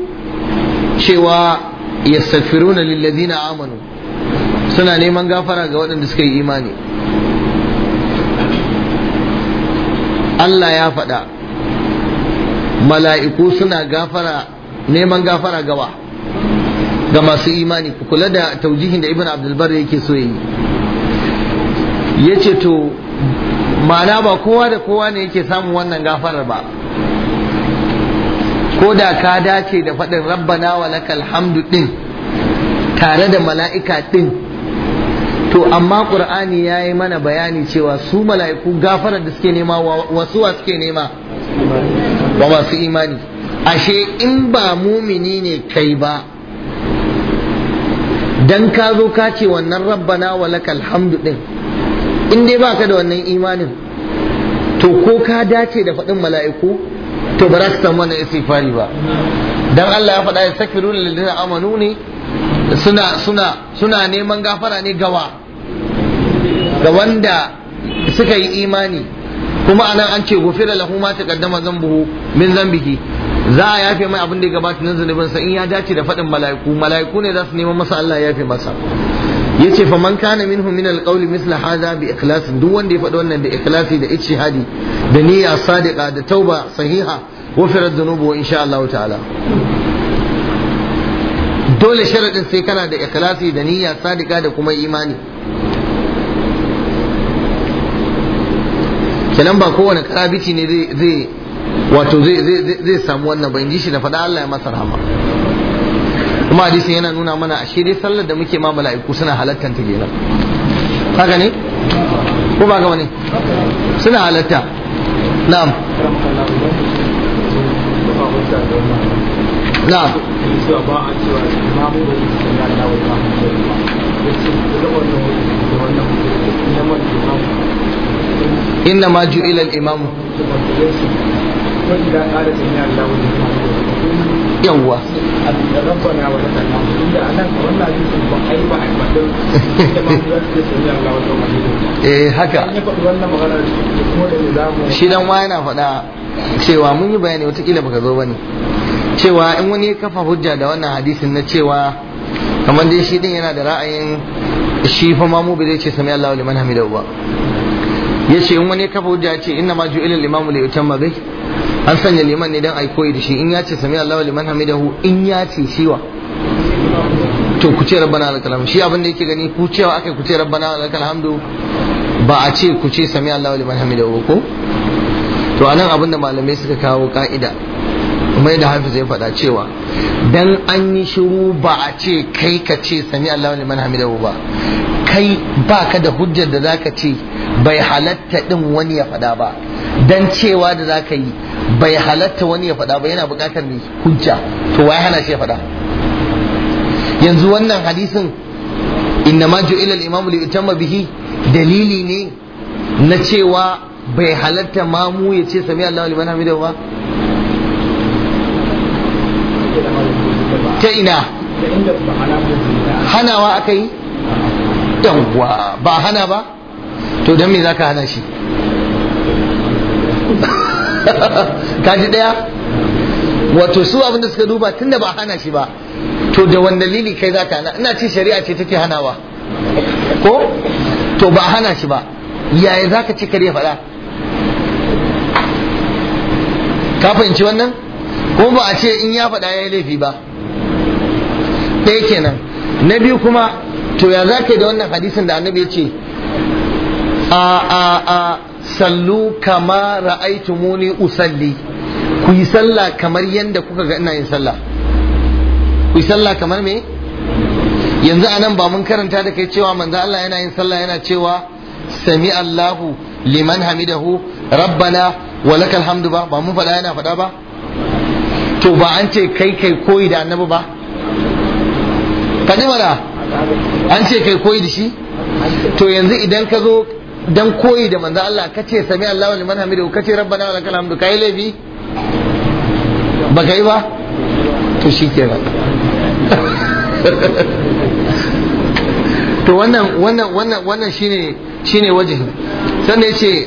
cewa yastaghfiruna lillazina amanu suna neman gafara ga waɗanda suka yi imani Allah ya faɗa mala'iku suna gafara neman gafara gawa ga masu imani kula da taujihin da ibn abdulbar yake so yi yace ce to ma'ana ba kowa da kowa ne yake samun wannan gafarar ba ko da ka dace da faɗin rabbana wa lakal hamdu ɗin tare da mala'ika ɗin to amma ƙur'ani ya yi mana bayani cewa su mala'iku gafarar da suke nema wasu wa suke nema ba masu imani ashe in ba mumini ne kai ba dan ka zo ka ce wannan rabbana wa lakal hamdu din in dai baka da wannan imanin to ko ka dace da faɗin mala'iku to ba za ka samu wannan istighfari ba dan Allah ya faɗa ya sakiru lillazina amanu ne suna suna suna neman gafara ne gawa ga wanda suka yi imani kuma anan an ce gufira lahu ma taqaddama zambuhu min zambihi za a yafe mai abin da ya gabata na zunubin sa in ya dace da faɗin mala'iku mala'iku ne za su neman masa Allah ya yafe masa yace fa man kana minhu min alqawli misla hadha bi ikhlas duk wanda ya faɗi wannan da ikhlasi da ijtihadi da niyya sadiqa da tauba sahiha wafirar dhunubu insha Allah ta'ala dole sharadin sai kana da ikhlasi da niyya sadiqa da kuma imani kenan ba kowane karabici ne zai wato zai samu wannan bayan ji shi da faɗa Allah ya masa rahama kuma hadisin yana nuna mana a dai sallar da muke ma mala'iku suna halattar ta kenan haka ne ko ba gama ne suna halatta na'am na'am inna ma ju'ila al-imamu yawwa eh haka shi dan wa faɗa cewa mun yi bayani watakila baka zo ne. cewa in wani ya kafa hujja da wannan hadisin na cewa kamar dai shi din yana da ra'ayin shi fa ma mu bai ce sami Allahu liman hamidahu ba yace in wani ya kafa hujja ce inna ma ju'ila imamu li yutamma bih an sanya liman ne don a koyi da shi in ya ce sami Allahu liman hamidahu in ya ce shiwa to ku ce rabbana lakal hamdu shi abin da yake gani ku cewa akai ku ce rabbana lakal alhamdu ba a ce ku ce sami Allahu liman hamidahu ko to anan abin da malamai suka kawo ka'ida mai da hafiz ya faɗa cewa dan an yi shiru ba a ce kai ka ce sami Allahu liman hamidahu ba kai ba ka da hujjar da zaka ce bai halatta din wani ya faɗa ba dan cewa da zaka yi bai halatta wani ya faɗa ba yana buƙatar mai hujja to wai hana shi ya faɗa yanzu wannan hadisin inna ma Imam al imam li yutamma bihi dalili ne na cewa bai halatta mamu ya ce sami Allahu liman hamidahu ba ta ina hanawa aka yi yawwa ba hana ba to don me zaka hana shi kashi daya wato su abinda suka duba tunda ba hana shi ba to da wani dalili kai za ta hana ina ce shari'a ce take hanawa ko to ba hana shi ba yaya ka ci kare faɗa ka fahimci wannan Ko ba a ce in ya faɗa ya yi laifi ba ɗaya kenan na biyu kuma to ya za da wannan hadisin da annabi ya ce a a a sallu kama muni usalli ku yi sallah kamar yadda kuka ga ina yin sallah ku yi sallah kamar me yanzu anan ba mun karanta da kai cewa manzo Allah yana yin sallah yana cewa sami Allahu liman hamidahu rabbana wa lakal hamdu ba ba mun faɗa yana faɗa ba to ba an ce kai kai koyi da annabi ba kaji mana an ce kai koyi da shi to yanzu idan ka zo dan koyi da manzo Allah kace sami wa liman hamidu kace rabbana wa lakal hamdu kai laifi baka yi ba to shikenan to wannan wannan wannan wannan shine shine wajihi sannan yace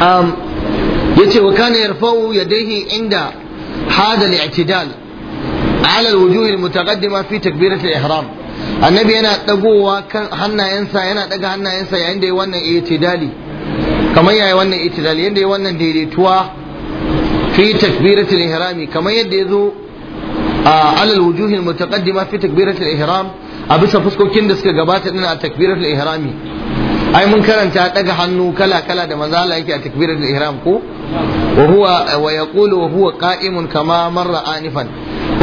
um yace wa kana yarfa'u yadaihi inda hada al-i'tidal على mutaqaddima fi takbirat تكبيرة الإحرام annabi yana dagowa kan hannayensa yana daga hannayensa yayin da ya wannan itidali kamar yayin wannan itidali da ya wannan daidaituwa fi takbiratul ihrami kamar yadda ya zo a alal wujuhi mutaqaddima fi takbiratul ihram a bisa fuskokin da suka gabata din a takbiratul ihrami ai mun karanta daga hannu kala kala da manzo Allah yake a takbiratul ihram ko wa huwa wa yaqulu wa huwa qa'imun kama marra anifan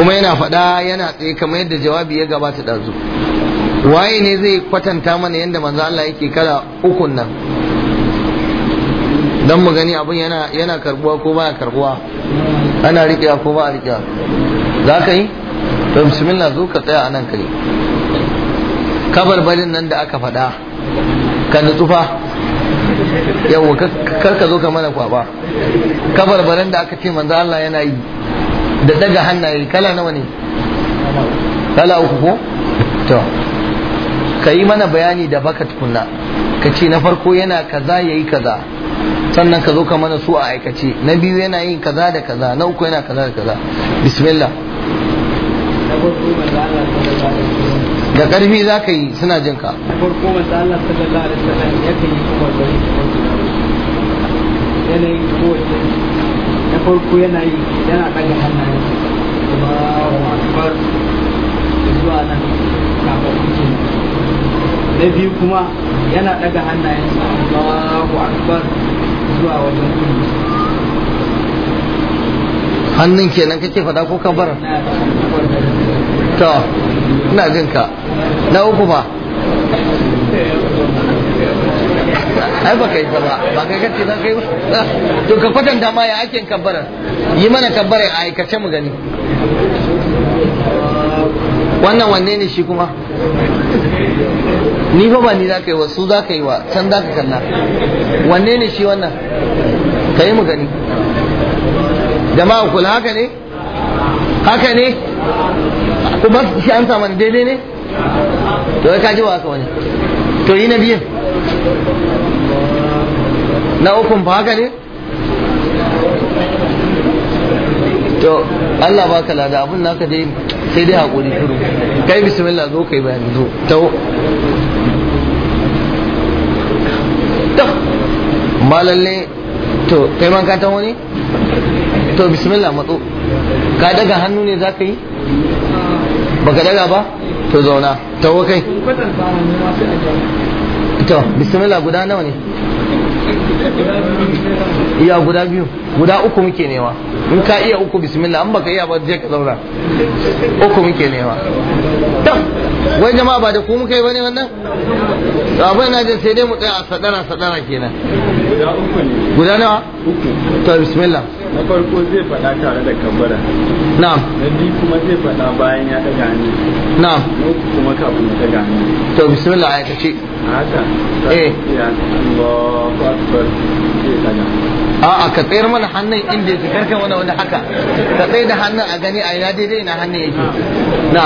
kuma yana faɗa yana tsaye kamar yadda jawabi ya gabata ɗazu waye ne zai kwatanta mana yadda manzo Allah yake kala ukun nan don mu gani abin yana yana karbuwa ko baya karbuwa ana riƙewa ko ba a riƙewa za ka yi to bismillah zo ka tsaya anan kai kabarbarin nan da aka faɗa ka nutsufa yawwa kar ka zo ka mana kwaba kabarbarin da aka ce manzo Allah yana yi da daga hannaye kala nawa ne kala uku ko to ka yi mana bayani da baka tukunna ka ce na farko yana kaza ya yi kaza sannan ka zo ka mana su a aikace na biyu yana yin kaza da kaza na uku yana kaza da kaza bismillah da karfi za ka yi suna jin ka yanayin kowace farko yana yi yana ɗaga hannaye kuma akbar zuwa nan kafin na biyu kuma yana daga hannayen hannayensa Allahu akbar zuwa wajen kudu hannun kenan kake fada ko ka bar to ina jin ka na uku ba ai ba kai ba ba kai kace za kai to ka kwatanta ma ya ake kabbara yi mana kabbara a aikace mu gani wannan wanne ne shi kuma ni ba ba ni za ka yi wa su za ka yi wa san za ka kalla wanne ne shi wannan ka yi mu gani jama'a kula haka ne haka ne ba shi an samu daidai ne to ka ji wa haka wani to yi na biyan na ukun ba haka ne to Allah ba ka lada abun naka dai sai dai haƙuri turu kai bismillah zo kai bayan zo to ba lalle to kai man kata wani to bismillah matso ka daga hannu ne za ka yi baka daga ba to zauna taho kai to bismillah guda nawa ne iya guda biyu guda uku muke nema in ka iya uku bismillah an baka iya ba je ka zauna uku muke nema wai jama'a ba da ku muka yi bane wannan to abu ina jin sai dai mu tsaya a sadara sadara kenan guda uku ne guda nawa uku to bismillah na farko zai faɗa tare da kabbara na'am na biyu kuma zai faɗa bayan ya daga hannu na'am na uku kuma kafin ya daga hannu to bismillah ya haka eh Allahu akbar a'a ka tsayar mana hannun inda su karka wani wani haka ka tsaye da hannun a gani a ina daidai na hannun yake Na.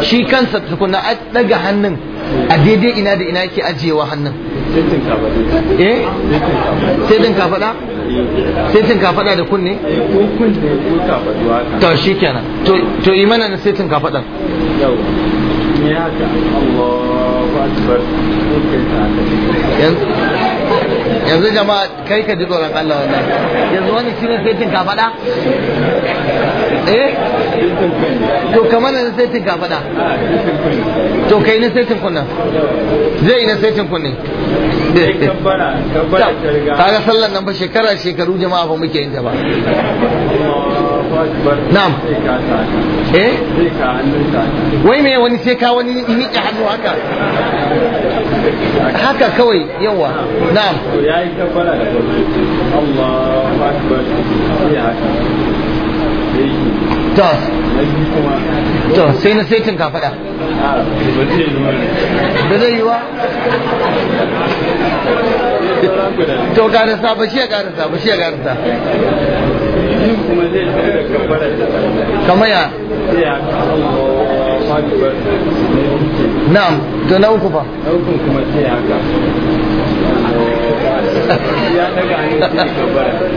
shi kansa tukuna a daga hannun a daidai ina da ina yake ajiyewa hannun eh sai din kafada sai din kafada da kunne eh, to shi kenan to imana na sai din kafada yanzu jama'a kai ka ji tsoron Allah wannan yanzu wani shi ne sai din kafada eh to kamar na saitin ka faɗa to kai na setin kunna zai na setin kunne kaga sallan nan ba shekara shekaru jama'a ba muke yin ta ba na'am eh wai me wani sai ka wani miƙe hannu haka haka kawai yawa na'am to yayi kabbara da Allah akbar to sai na sai tun kafada Da zai yi wa to karasa ba shi ya karasa ba shi ya karasa kamar ya na'am to na uku fa na uku kuma sai haka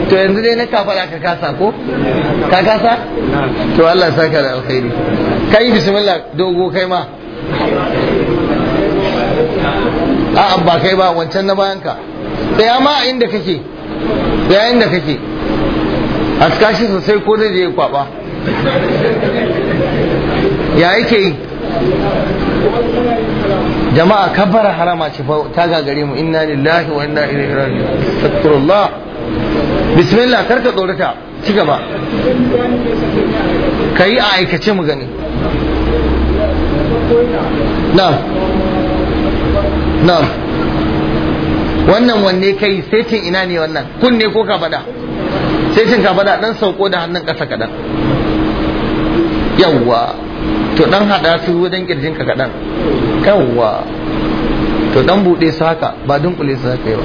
to yanzu dai na da ka kasa ko ka kasa to Allah saka da alkhairi kai bismillah dogo kai ma a'a ba kai ba wancan na bayan ka. tsaya ma a inda kake yayin da kake a kashi sosai ko zai je kwaba ya yake yi jama'a kabbara harama ce ta gagare mu inna lillahi wa inna ilaihi raji'un astaghfirullah bismillah karka tsorata ci gaba kai a aikace mu gani na'am na'am wannan wanne kai setin ina ne wannan kunne ko ka bada setin ka bada dan sauko da hannun kasa kadan yawwa to dan hada su wajen kirjin ka kadan yawwa to dan bude su haka ba dunkule su haka ba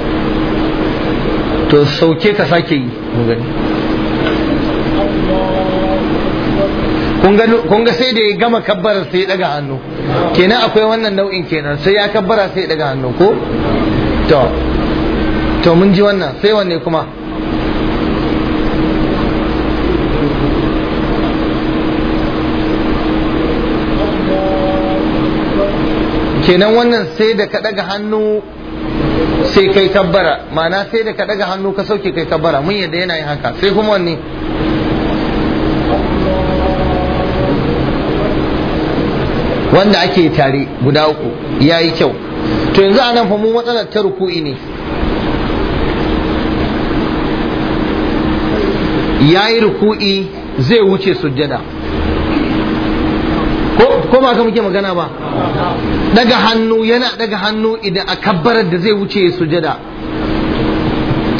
to sauke ka sake yi kun ga sai da ya gama kabbara sai ya daga hannu kenan akwai wannan nau'in kenan sai ya kabbara sai ya daga hannu ko to to mun ji wannan sai wanne kuma kenan wannan sai da ka daga hannu sai kai tabbara ma'ana sai da ka daga hannu ka sauke kai tabbara mun yadda yana yin haka sai kuma wanne wanda ake tare guda uku ya yi kyau to yanzu a nan mu matsalar ta ruku'i ne ya yi ruku'i zai wuce sujjada ko ba ka muke magana ba daga hannu yana daga hannu idan a kabbarar da zai wuce ya sujada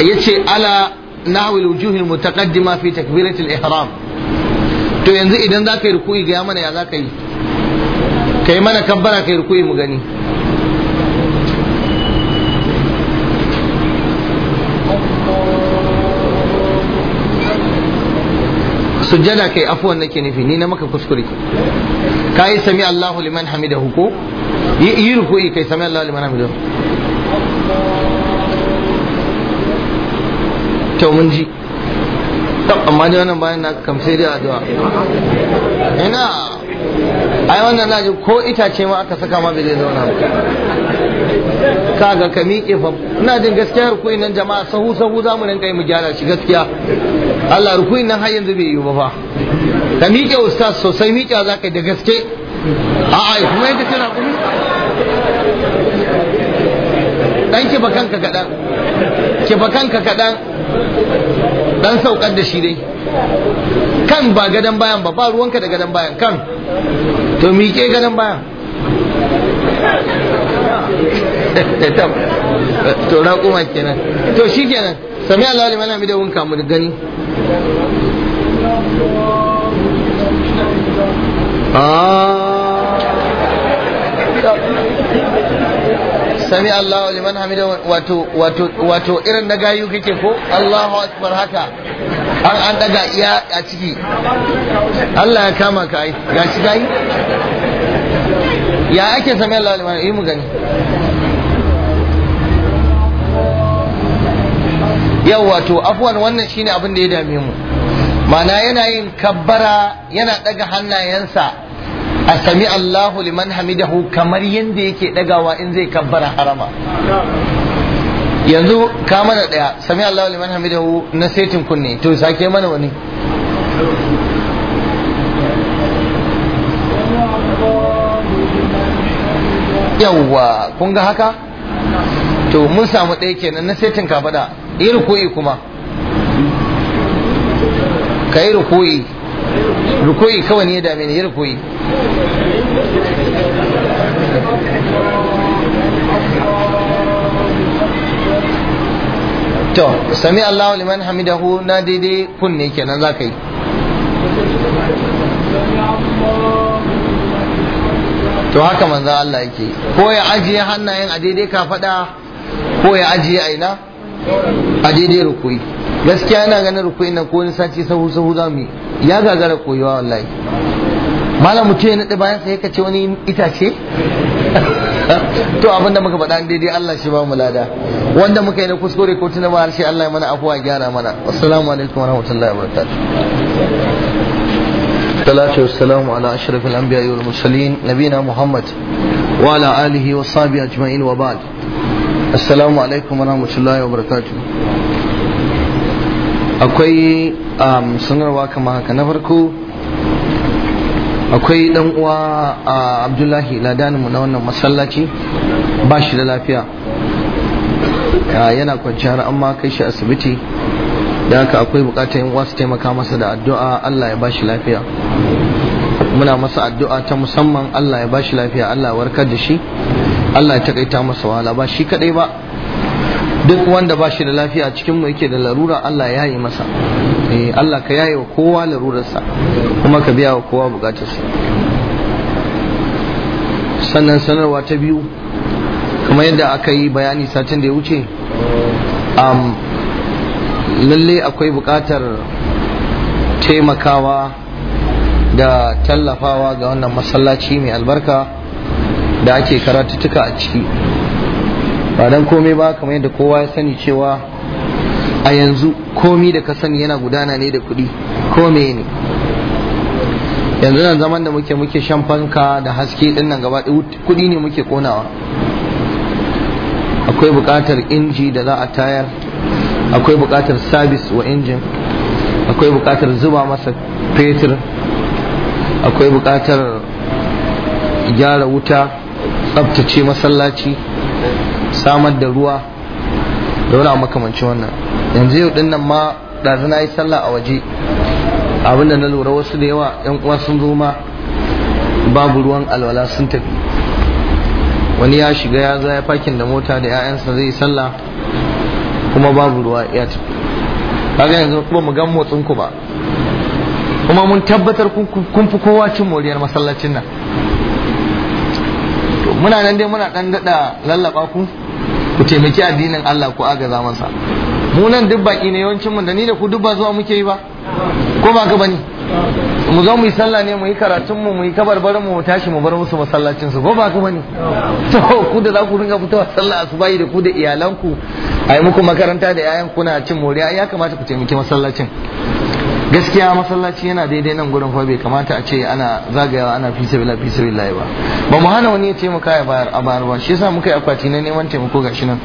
yace ala nahwi wujuhil mutaqaddima fi takbirat ihram to yanzu idan za ka yi ruku'i ga mana ya za ka yi kai mana kabbara kai ruku'i mu gani sujjada kai afuwan nake nufi ni na maka kuskure ka yi sami Allahu liman hamida ko yi ruku'i kai sami Allahu liman hamida to mun ji amma da wannan bayan na kam sai dai addu'a ina ai wannan na ji ko itace ma aka saka ma bai zai zauna kaga ka miƙe fa ina jin gaskiyar ku nan jama'a sahu sahu zamu mu rinka yi mu gyara shi gaskiya Allah rukuin nan har yanzu bai yi ba fa ka miƙe ustaz sosai miƙe za ka da gaske a'a kuma yadda tana kuma dan kifa kanka kaɗan kifa kanka kaɗan dan saukar da shi dai kan ba gadon bayan ba ba ruwanka da gadon bayan kan to miƙe gadon bayan to raƙuma kenan to shi kenan sami Allah liman hamida wunka mu da gani ah. sami Allah liman hamida wato wato wato irin na gayu kake ko Allahu akbar haka an an daga iya a ciki Allah ya kama ka ai gashi gayi ya ake sami Allah liman yi mu gani yawa to afwan wannan shine abin da ya dame mu mana yana yin kabbara yana daga hannayensa a sami Allahu liman hamidahu kamar yadda yake dagawa in zai kabbara harama yanzu ka mana daya sami Allahu liman hamidahu na setin kunne to sake mana wani yawwa kun ga haka to mun samu ɗaya kenan na setin faɗa yi ruku'i kuma ka yi ruku'i ruku'i kawai ne ya dame ni yi ruku'i to sami Allahu liman hamidahu na daidai kunne kenan za ka yi to haka manzo Allah yake ko ya ajiye hannayen a daidai ka faɗa ko ya ajiye aina a daidai rukuyi gaskiya yana ganin rukuyi na ko sati sahu sahu za mu ya gagara koyuwa wallahi malam mutum ya ɗaya bayan sa ya ce wani itace to abin da muka faɗa daidai Allah shi ba mu lada wanda muka yi na kuskure ko tuna ba harshe Allah ya mana afuwa gyara mana assalamu alaikum warahmatullahi wabarakatuh salatu wassalamu ala ashrafil anbiya'i wal mursalin nabina muhammad wa ala alihi wa sahbihi ajma'in wa ba'd assalamu alaikum warahmatullahi wabarakatuh akwai um, sanarwa kama haka na farko akwai dan uwa a abdullahi ladaninmu na wannan masallaci ba shi da lafiya yana kwanciyar amma kai shi asibiti da haka akwai bukatar yin su taimaka masa da addu'a Allah ya ba shi lafiya muna masa addu'a ta musamman Allah ya ba shi lafiya Allah warkar da shi Allah ya takaita masa wahala ba shi kadai ba duk wanda ba shi da lafiya cikin mu yake da larura Allah ya yi masa eh Allah ka yaye wa kowa larurarsa kuma ka biya wa kowa bukatarsa sannan sanarwa ta biyu kamar yadda aka yi bayani satin da ya wuce um, lalle akwai bukatar taimakawa da tallafawa ga wannan masallaci mai albarka da ake karatuttuka a ciki ba dan komai ba kamar yadda kowa ya sani cewa a yanzu komi da ka sani yana gudana ne da kuɗi kome ne yanzu nan zaman da muke muke shan fanka da haske din nan gaba kuɗi ne muke konawa akwai buƙatar inji da za a tayar akwai buƙatar sabis wa injin akwai buƙatar zuba masa fetur akwai buƙatar gyara wuta tsabtace masallaci samar da ruwa da wani makamanci wannan yanzu yau dinnan ma ɗazu na yi sallah a waje abinda na lura wasu da yawa yan uwa sun zo ma babu ruwan alwala sun tafi wani ya shiga ya zaya fakin da mota da 'ya'yansa zai yi sallah kuma babu ruwa ya tafi kaga yanzu kuma mu gan motsin ku ba kuma mun tabbatar kun fi kowa cin moriyar masallacin nan muna nan dai muna dan dada lallaba ku ku taimaki addinin Allah ku agaza masa mu nan duk baki ne yawancin mu da ni da ku duk ba zuwa muke yi ba ko ba ka bani mu zo mu yi sallah ne mu yi karatun mu mu yi kabarbarin mu tashi mu bar musu masallacin su ko ba ka bani to ku da za ku ringa fitowa sallah asubahi da ku da iyalanku ai muku makaranta da yayan kuna cin moriya ya kamata ku taimaki masallacin gaskiya masallaci yana daidai nan gurin fa bai kamata a ce ana zagayawa ana fi sabila fi sabila ba ba mu hana wani ya taimaka ya bayar a bayar ba shi yasa muka yi akwati na neman taimako gashi nan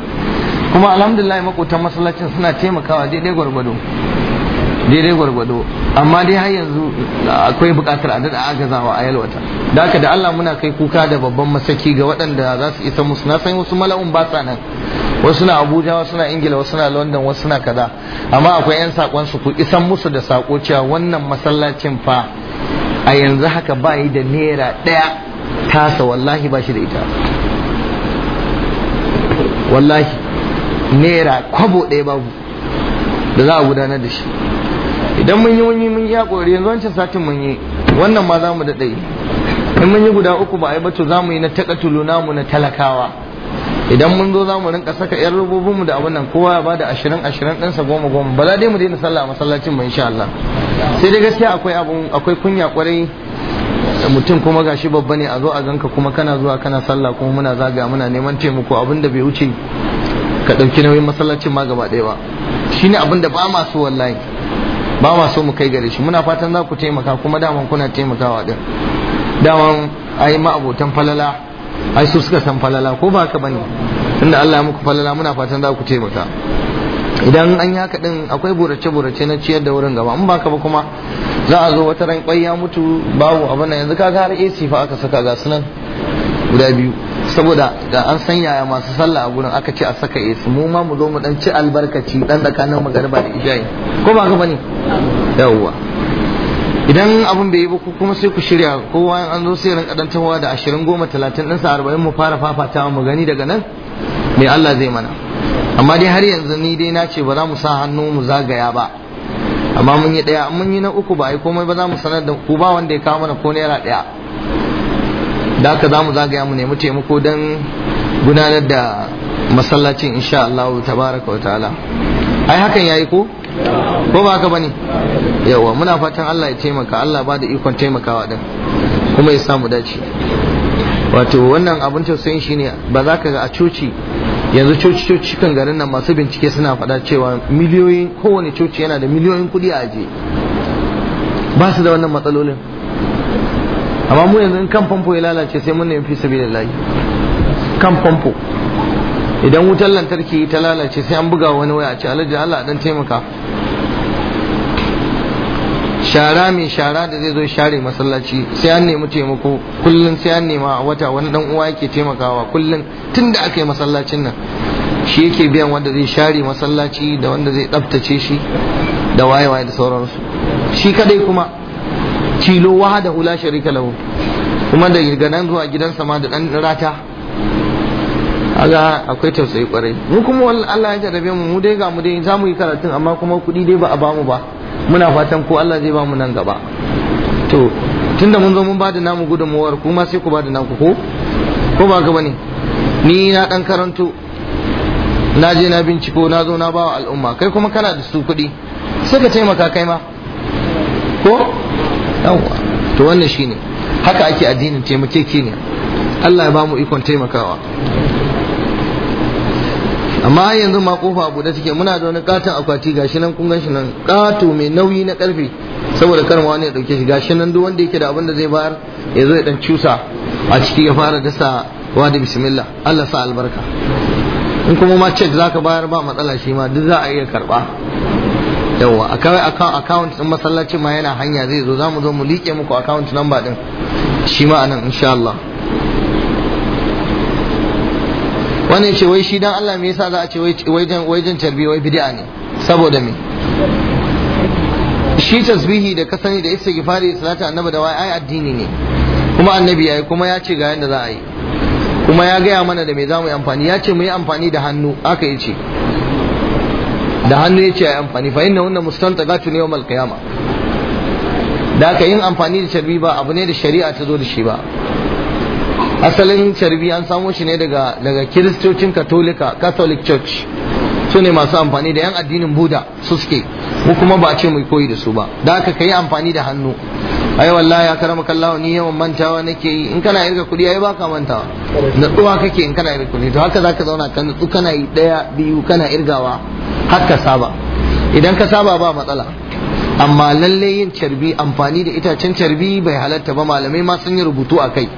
kuma alhamdulillah makotan masallacin suna taimakawa daidai gwargwado daidai gwargwado amma dai har yanzu akwai bukatar a daɗa agazawa a yalwata da haka da Allah muna kai kuka da babban masaki ga waɗanda za su isa musu na san wasu mala'un ba sa nan wasu na Abuja wasu na Ingila wasu na London wasu na kaza amma akwai 'yan sakon su ku isan musu da sako cewa wannan masallacin fa a yanzu haka ba yi da naira ɗaya tasa wallahi ba shi da ita wallahi naira kwabo ɗaya babu da za a gudanar da shi idan mun yi mun yi mun yi yanzu wancan satin mun yi wannan ma za mu daɗa yi in mun yi guda uku ba a yi ba to za mu yi na takatulu namu na talakawa idan mun zo za mu rinka saka yan robobin mu da abin nan kowa ya ba da ashirin ashirin ɗinsa goma goma ba za dai mu daina sallah a masallacin mu insha Allah sai dai gaskiya akwai abun akwai kunya kwarai mutum kuma gashi babba ne a zo a ganka kuma kana zuwa kana sallah kuma muna zaga muna neman taimako abin da bai wuce ka ɗauki nauyin masallacin ma gaba ɗaya ba shine abin da ba ma so wallahi ba ma so mu kai gare shi muna fatan za ku taimaka kuma daman kuna taimakawa din daman ai ma'abotan falala ai su suka san falala ko ba ka bane inda Allah ya muku falala muna fatan za ku taimaka idan an yi haka din akwai burace-burace na ciyar da wurin gaba in ka ba kuma za a zo wata ran kwai ya mutu babu abin nan yanzu kaga har AC fa aka saka ga sunan guda biyu saboda da an san yaya masu sallah a gurin aka ce a saka AC mu ma mu zo mu dan ci albarkaci dan tsakanin magarba da isha'i ko ba ka bane yawwa idan abin bai yi ba kuma sai ku shirya kowa an zo sai ran dan tawa da 20 goma 30 sa 40 mu fara fafatawa mu gani daga nan me Allah zai mana amma dai har yanzu ni dai na ce ba za mu sa hannu mu zagaya ba amma mun yi daya mun yi na uku ba ai komai ba za mu sanar da ku ba wanda ya kawo mana ko naira daya da haka za mu zagaya mu nemi taimako don gudanar da masallacin insha Allah tabaraka wa ta'ala ai hakan yayi ko ko ba haka bane yawa muna fatan Allah ya taimaka Allah ba da ikon taimakawa din kuma ya samu dace wato wannan abin tausayin shine ba za ka ga a coci yanzu coci coci kan garin nan masu bincike suna faɗa cewa miliyoyin kowane coci yana da miliyoyin kuɗi a ajiye ba su da wannan matsalolin amma mu yanzu in kan famfo ya lalace sai mun nemi fi sabilillahi kan famfo idan wutar lantarki ta lalace sai an buga wani waya a ce alhaji Allah dan taimaka shara mai shara da zai zo share masallaci sai an nemi taimako kullum sai an nema a wata wani dan uwa yake taimakawa kullum tunda aka yi masallacin nan shi yake biyan wanda zai share masallaci da wanda zai tsaftace shi da waye-waye da sauransu shi kadai kuma cilo wahada hula sharika lahu kuma da nan zuwa gidansa ma da dan rata aga akwai tausayi kwarai mu kuma Allah ya jarabe mu mu dai ga mu dai za mu yi karatun amma kuma kuɗi dai ba a bamu ba muna fatan ko Allah zai bamu nan gaba to tunda mun zo mun bada namu gudunmuwar kuma sai ku bada naku ko ko ba gaba ne ni na dan karanto na je na binciko na zo na bawa al'umma kai kuma kana da su kuɗi sai ka taimaka kai ma ko yawwa to wannan shine haka ake addinin ne. Allah ya bamu ikon taimakawa amma yanzu ma kofa buɗe take muna da wani katon akwati gashi nan kun gashi nan kato mai nauyi na karfe saboda kar wani ya dauke shi gashi nan duk wanda yake da abin da zai bayar ya zo ya dan cusa a ciki ya fara dasa wa da bismillah Allah sa albarka in kuma ma check zaka bayar ba matsala shi ma duk za a iya karba yawa akwai account din masallaci ma yana hanya zai zo zamu zo mu liƙe muku account number din shi ma anan insha Allah wannan ce wai shi dan Allah me yasa za a ce wai jan wai jan wai bid'a ne saboda me shi tasbihi da ka sani da istighfari da salatu annabi da wai ai addini ne kuma annabi yayi kuma ya ce ga yanda za a yi kuma ya gaya mana da me za mu yi amfani ya ce mu yi amfani da hannu aka yi ce da hannu ya ce a yi amfani fa inna gatu ne yawmal qiyama da aka yin amfani da tarbi ba abu ne da shari'a ta zo da shi ba asalin carbi an samo shi ne daga daga kiristocin katolika catholic church su ne masu amfani da yan addinin buda su suke ko kuma ba a ce mai koyi da su ba da aka kayi yi amfani da hannu ai wallahi ya karama kallahu ni yawan mantawa nake yi in kana irga kuɗi ai baka mantawa natsuwa kake in kana irga kuɗi to haka zaka zauna ka natsu kana yi daya biyu kana irgawa haka saba idan ka saba ba matsala amma lalle yin carbi amfani da itacen carbi bai halatta ba malamai ma sun yi rubutu a kai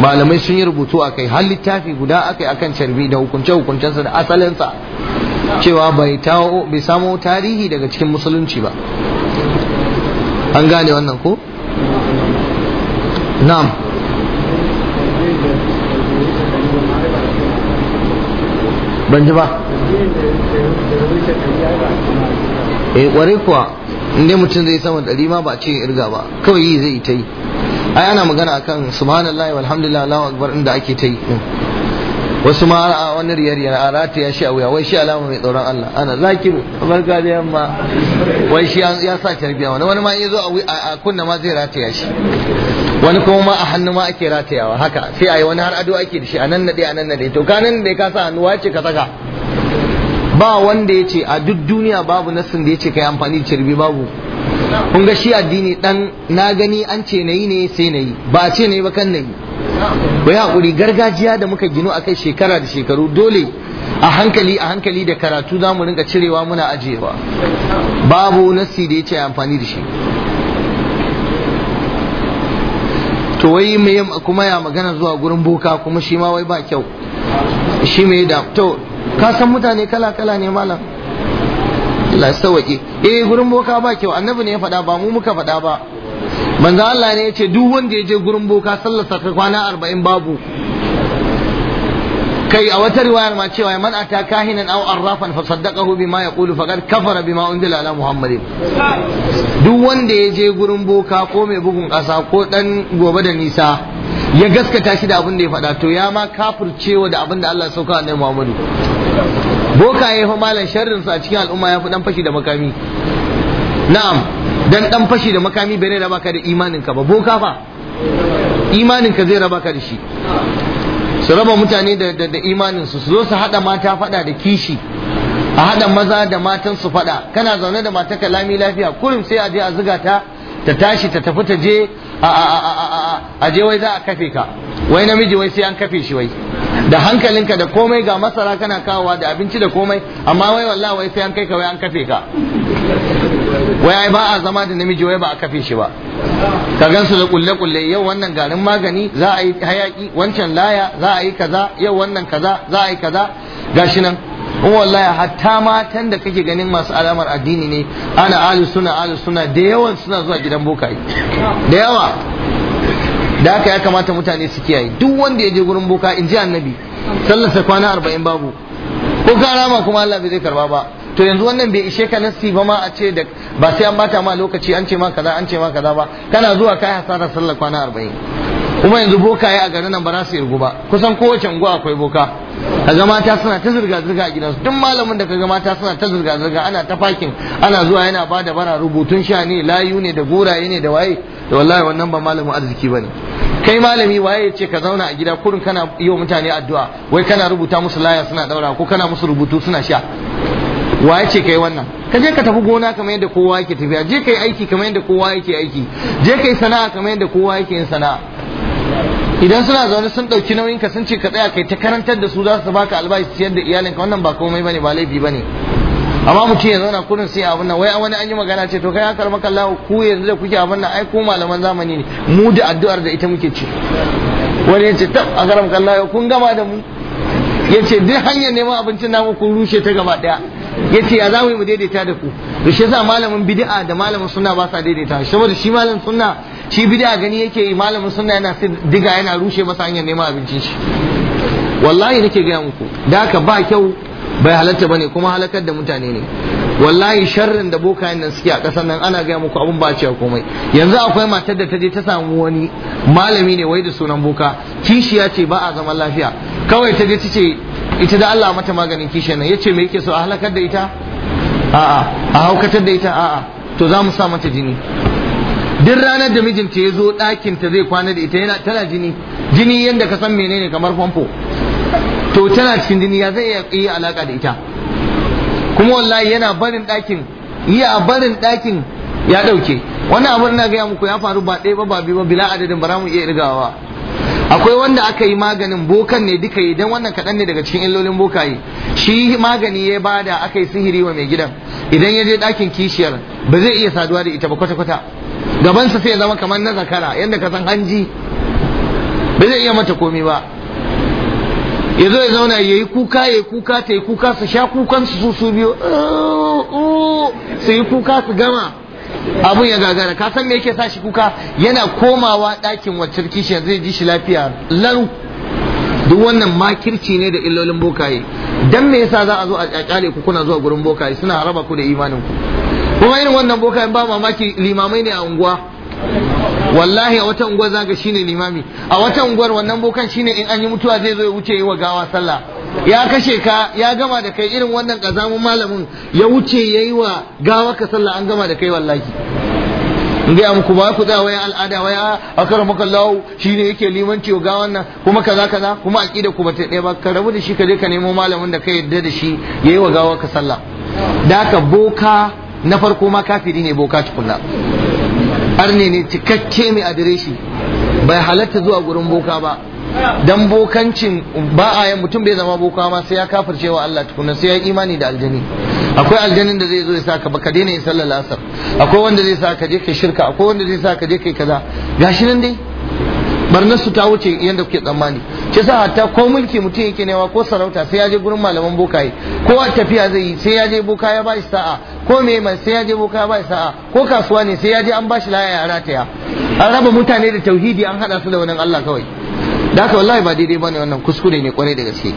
malamai sun yi rubutu a kai har littafi guda aka yi akan carbi da hukunce hukuncensa da asalinsa cewa bai bai samo tarihi daga cikin musulunci ba an gane wannan ko na'am ban ji ba eh kuwa inda mutum zai sama ɗari ma ba ce irga ba kawai yi zai ta yi ai ana magana akan subhanallahi walhamdulillah Allahu akbar inda ake ta yi wasu ma a wani riyar yana rata ya shi a wuya wai shi alama mai tsoron Allah ana zakir barka da yamma wai shi ya sa tarbiya wani wani ma ya zo a kunna ma zai rataya shi wani kuma ma a hannu ma ake ratayawa haka sai a yi wani har ado ake da shi a nan nade a nan naɗe to kanin da ya kasa hannu wace ka saka ba wanda ya ce a duk duniya babu nassin da ya ce ka yi amfani da cirbi babu kun ga shi addini dan na gani an ce nayi ne sai nayi ba a ce nayi ba kan nayi bai hakuri gargajiya da muka gino akai shekara da shekaru dole a hankali a hankali da karatu za mu rinka cirewa muna ajiyewa babu nasi da ya ce amfani da shi to wai me kuma ya magana zuwa gurin boka kuma shi ma wai ba kyau shi me da to ka san mutane kala kala ne malam Allah sauke eh gurin boka ba kyau annabi ne ya faɗa ba mu muka faɗa ba manzo Allah ne ya ce duk wanda ya je gurin boka sallar ka kwana arba'in babu kai a wata riwayar ma cewa man ata kahinan aw arrafan fa saddaqahu bima yaqulu faqad kafara bima unzila ala muhammadin duk wanda ya je gurin boka ko mai bugun ƙasa ko dan gobe da nisa ya gaskata shi da abin da ya faɗa to ya ma kafircewa da abin da Allah ya sauka annabi muhammadu bokaye fa malam sharrin su a cikin al'umma ya fi dan fashi da makami na'am dan dan fashi da makami bai raba ka da imanin ka ba boka fa imanin ka zai raba ka da shi su raba mutane da da imanin su zo su hada mata fada da kishi a hada maza da matan su fada kana zaune da matarka lami lafiya kurin sai a je a zuga ta ta tashi ta tafi ta je a a a a a a je wai za a kafe ka wai namiji wai sai an kafe shi wai da hankalinka da komai ga masara kana kawowa da abinci da komai amma wai wallahi wai sai an kai ka wai an kafe ka wai ai ba a zama da namiji wai ba a kafe shi ba ka gansu da kulle kulle yau wannan garin magani za a yi hayaki wancan laya za a yi kaza yau wannan kaza za a yi kaza gashi nan wallahi hatta matan da kake ganin masu alamar addini ne ana alu suna alu suna da yawan suna zuwa gidan bokaye da yawa da haka ya kamata mutane su kiyaye duk wanda ya je gurin boka in ji annabi sai kwana arba'in babu ko ka rama kuma Allah bai zai karba ba to yanzu wannan bai ishe ka nasi ba ma a ce da ba sai an bata ma lokaci an ce ma kaza an ce ma kaza ba kana zuwa kai hasara sallar kwana arba'in kuma yanzu boka ya a garin nan ba za su irgu ba kusan kowace unguwa akwai boka kaga mata suna ta zirga zirga a gidansu duk malamin da kaga mata suna ta zirga zirga ana ta fakin ana zuwa yana bada bara rubutun sha ne layu ne da goraye ne da waye da wallahi wannan ba malamin arziki bane kai malami waye ya ce ka zauna a gida kurin kana yi wa mutane addu'a wai kana rubuta musu laya suna daura ko kana musu rubutu suna sha waye ce kai wannan ka je ka tafi gona kamar yadda kowa yake tafiya je kai aiki kamar yadda kowa yake aiki je kai sana'a kamar yadda kowa yake yin sana'a idan suna zaune sun ɗauki nauyin ka sun ce ka tsaya kai ta karantar da su za su baka albashi ciyar da iyalinka wannan ba komai bane ba laifi bane amma mutum ya zauna kurin sai abin nan wai wani an yi magana ce to kai ya karma Allah ku yanzu da kuke abin nan ai ko malaman zamani ne mu da addu'ar da ita muke ci wani ya ce tab a karam kallahu kun gama da mu ya duk hanyar neman abincin namu kun rushe ta gaba daya ya ce ya za mu daidaita da ku to shi yasa malamin bid'a da malamin sunna ba sa daidaita saboda shi malamin sunna shi bid'a gani yake yi malamin sunna yana diga yana rushe masa hanyar neman abincin shi wallahi nake gaya muku da haka ba kyau bai halatta bane kuma halakar da mutane ne wallahi sharrin da bokayen nan suke a ƙasar nan ana gaya muku abun ba ce komai yanzu akwai matar da ta je ta samu wani malami ne wai da sunan boka kishiya ce ba a zaman lafiya kawai ta je ta ce ita da Allah mata maganin kishi nan yace me yake so a halakar da ita a'a a haukatar da ita a'a to za mu sa mata jini duk ranar da mijinta ya zo ɗakin ta zai kwana da ita yana tana jini jini yadda ka san menene kamar famfo to tana cikin jini ya zai iya alaka da ita kuma wallahi yana barin ɗakin iya barin ɗakin ya ɗauke Wani abu na gaya muku ya faru ba ɗaya ba biyu ba bila adadin ba mu iya irgawa akwai wanda aka yi maganin bokan ne duka yi dan wannan kaɗan ne daga cikin illolin bokaye shi magani ya bada aka yi sihiri wa mai gidan idan ya je ɗakin kishiyar ba zai iya saduwa da ita ba kwata-kwata gabansa sai ya zama kamar na zakara yadda ka san hanji ba zai iya mata komi ba ya zo ya zauna ya yi kuka ya yi kuka ta yi kuka su sha kukan su su biyu su yi kuka su gama abun ya gagara kasan san me yake sa shi kuka yana komawa ɗakin wacce yanzu zai ji shi lafiya lau duk wannan makirci ne da illolin bokaye dan me yasa za a zo a kyale ku kuna zuwa gurin bokaye suna haraba ku da imanin ku kuma irin wannan bokayen ba mamaki limamai ne a unguwa wallahi a wata unguwar zaga shine limami a wata unguwar wannan bokan shine in an yi mutuwa zai zo ya wuce yi wa gawa sallah ya kashe ka ya gama da kai irin wannan kazamun malamin ya wuce ya yi wa gawa ka sallah an gama da kai wallahi in gaya muku ba ku tsaya waya al'ada waya a karan lawo shi ne yake limanci ga wannan kuma kaza kaza kuma ƙida ku bata ɗaya ba ka rabu da shi ka je ka nemo malamin da ka yarda da shi ya yi wa gawa ka sallah da haka boka na farko ma kafiri ne boka tukunna arne ne cikakke mai adireshi bai halatta zuwa gurin boka ba dan bokancin ba a mutum bai zama boka ma sai ya kafirce wa Allah tukuna sai ya yi imani da aljani akwai aljanin da zai zo ya saka baka daina yin sallar asar akwai wanda zai saka je kai shirka akwai wanda zai saka je kai kaza gashi nan dai barnar su ta wuce yadda kuke tsammani shi sa hatta ko mulki mutum yake newa ko sarauta sai ya je gurin malaman bokaye ko tafiya zai yi sai ya je boka ya ba shi sa'a ko me mai sai ya je boka ya ba shi sa'a ko kasuwa ne sai ya je an ba shi laya ya rataya an raba mutane da tauhidi an hada su da wannan Allah kawai da haka wallahi ba daidai bane wannan kuskure ne kwarai da gaske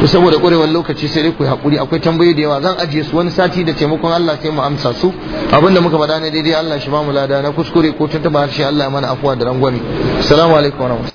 to saboda ƙwarewar lokaci sai dai ku hakuri akwai tambayoyi da yawa zan ajiye su wani sati da taimakon Allah sai mu amsa su abinda muka faɗa ne daidai Allah shi ba mu lada na kuskure ko har harshe Allah ya mana afuwa da rangwame assalamu alaikum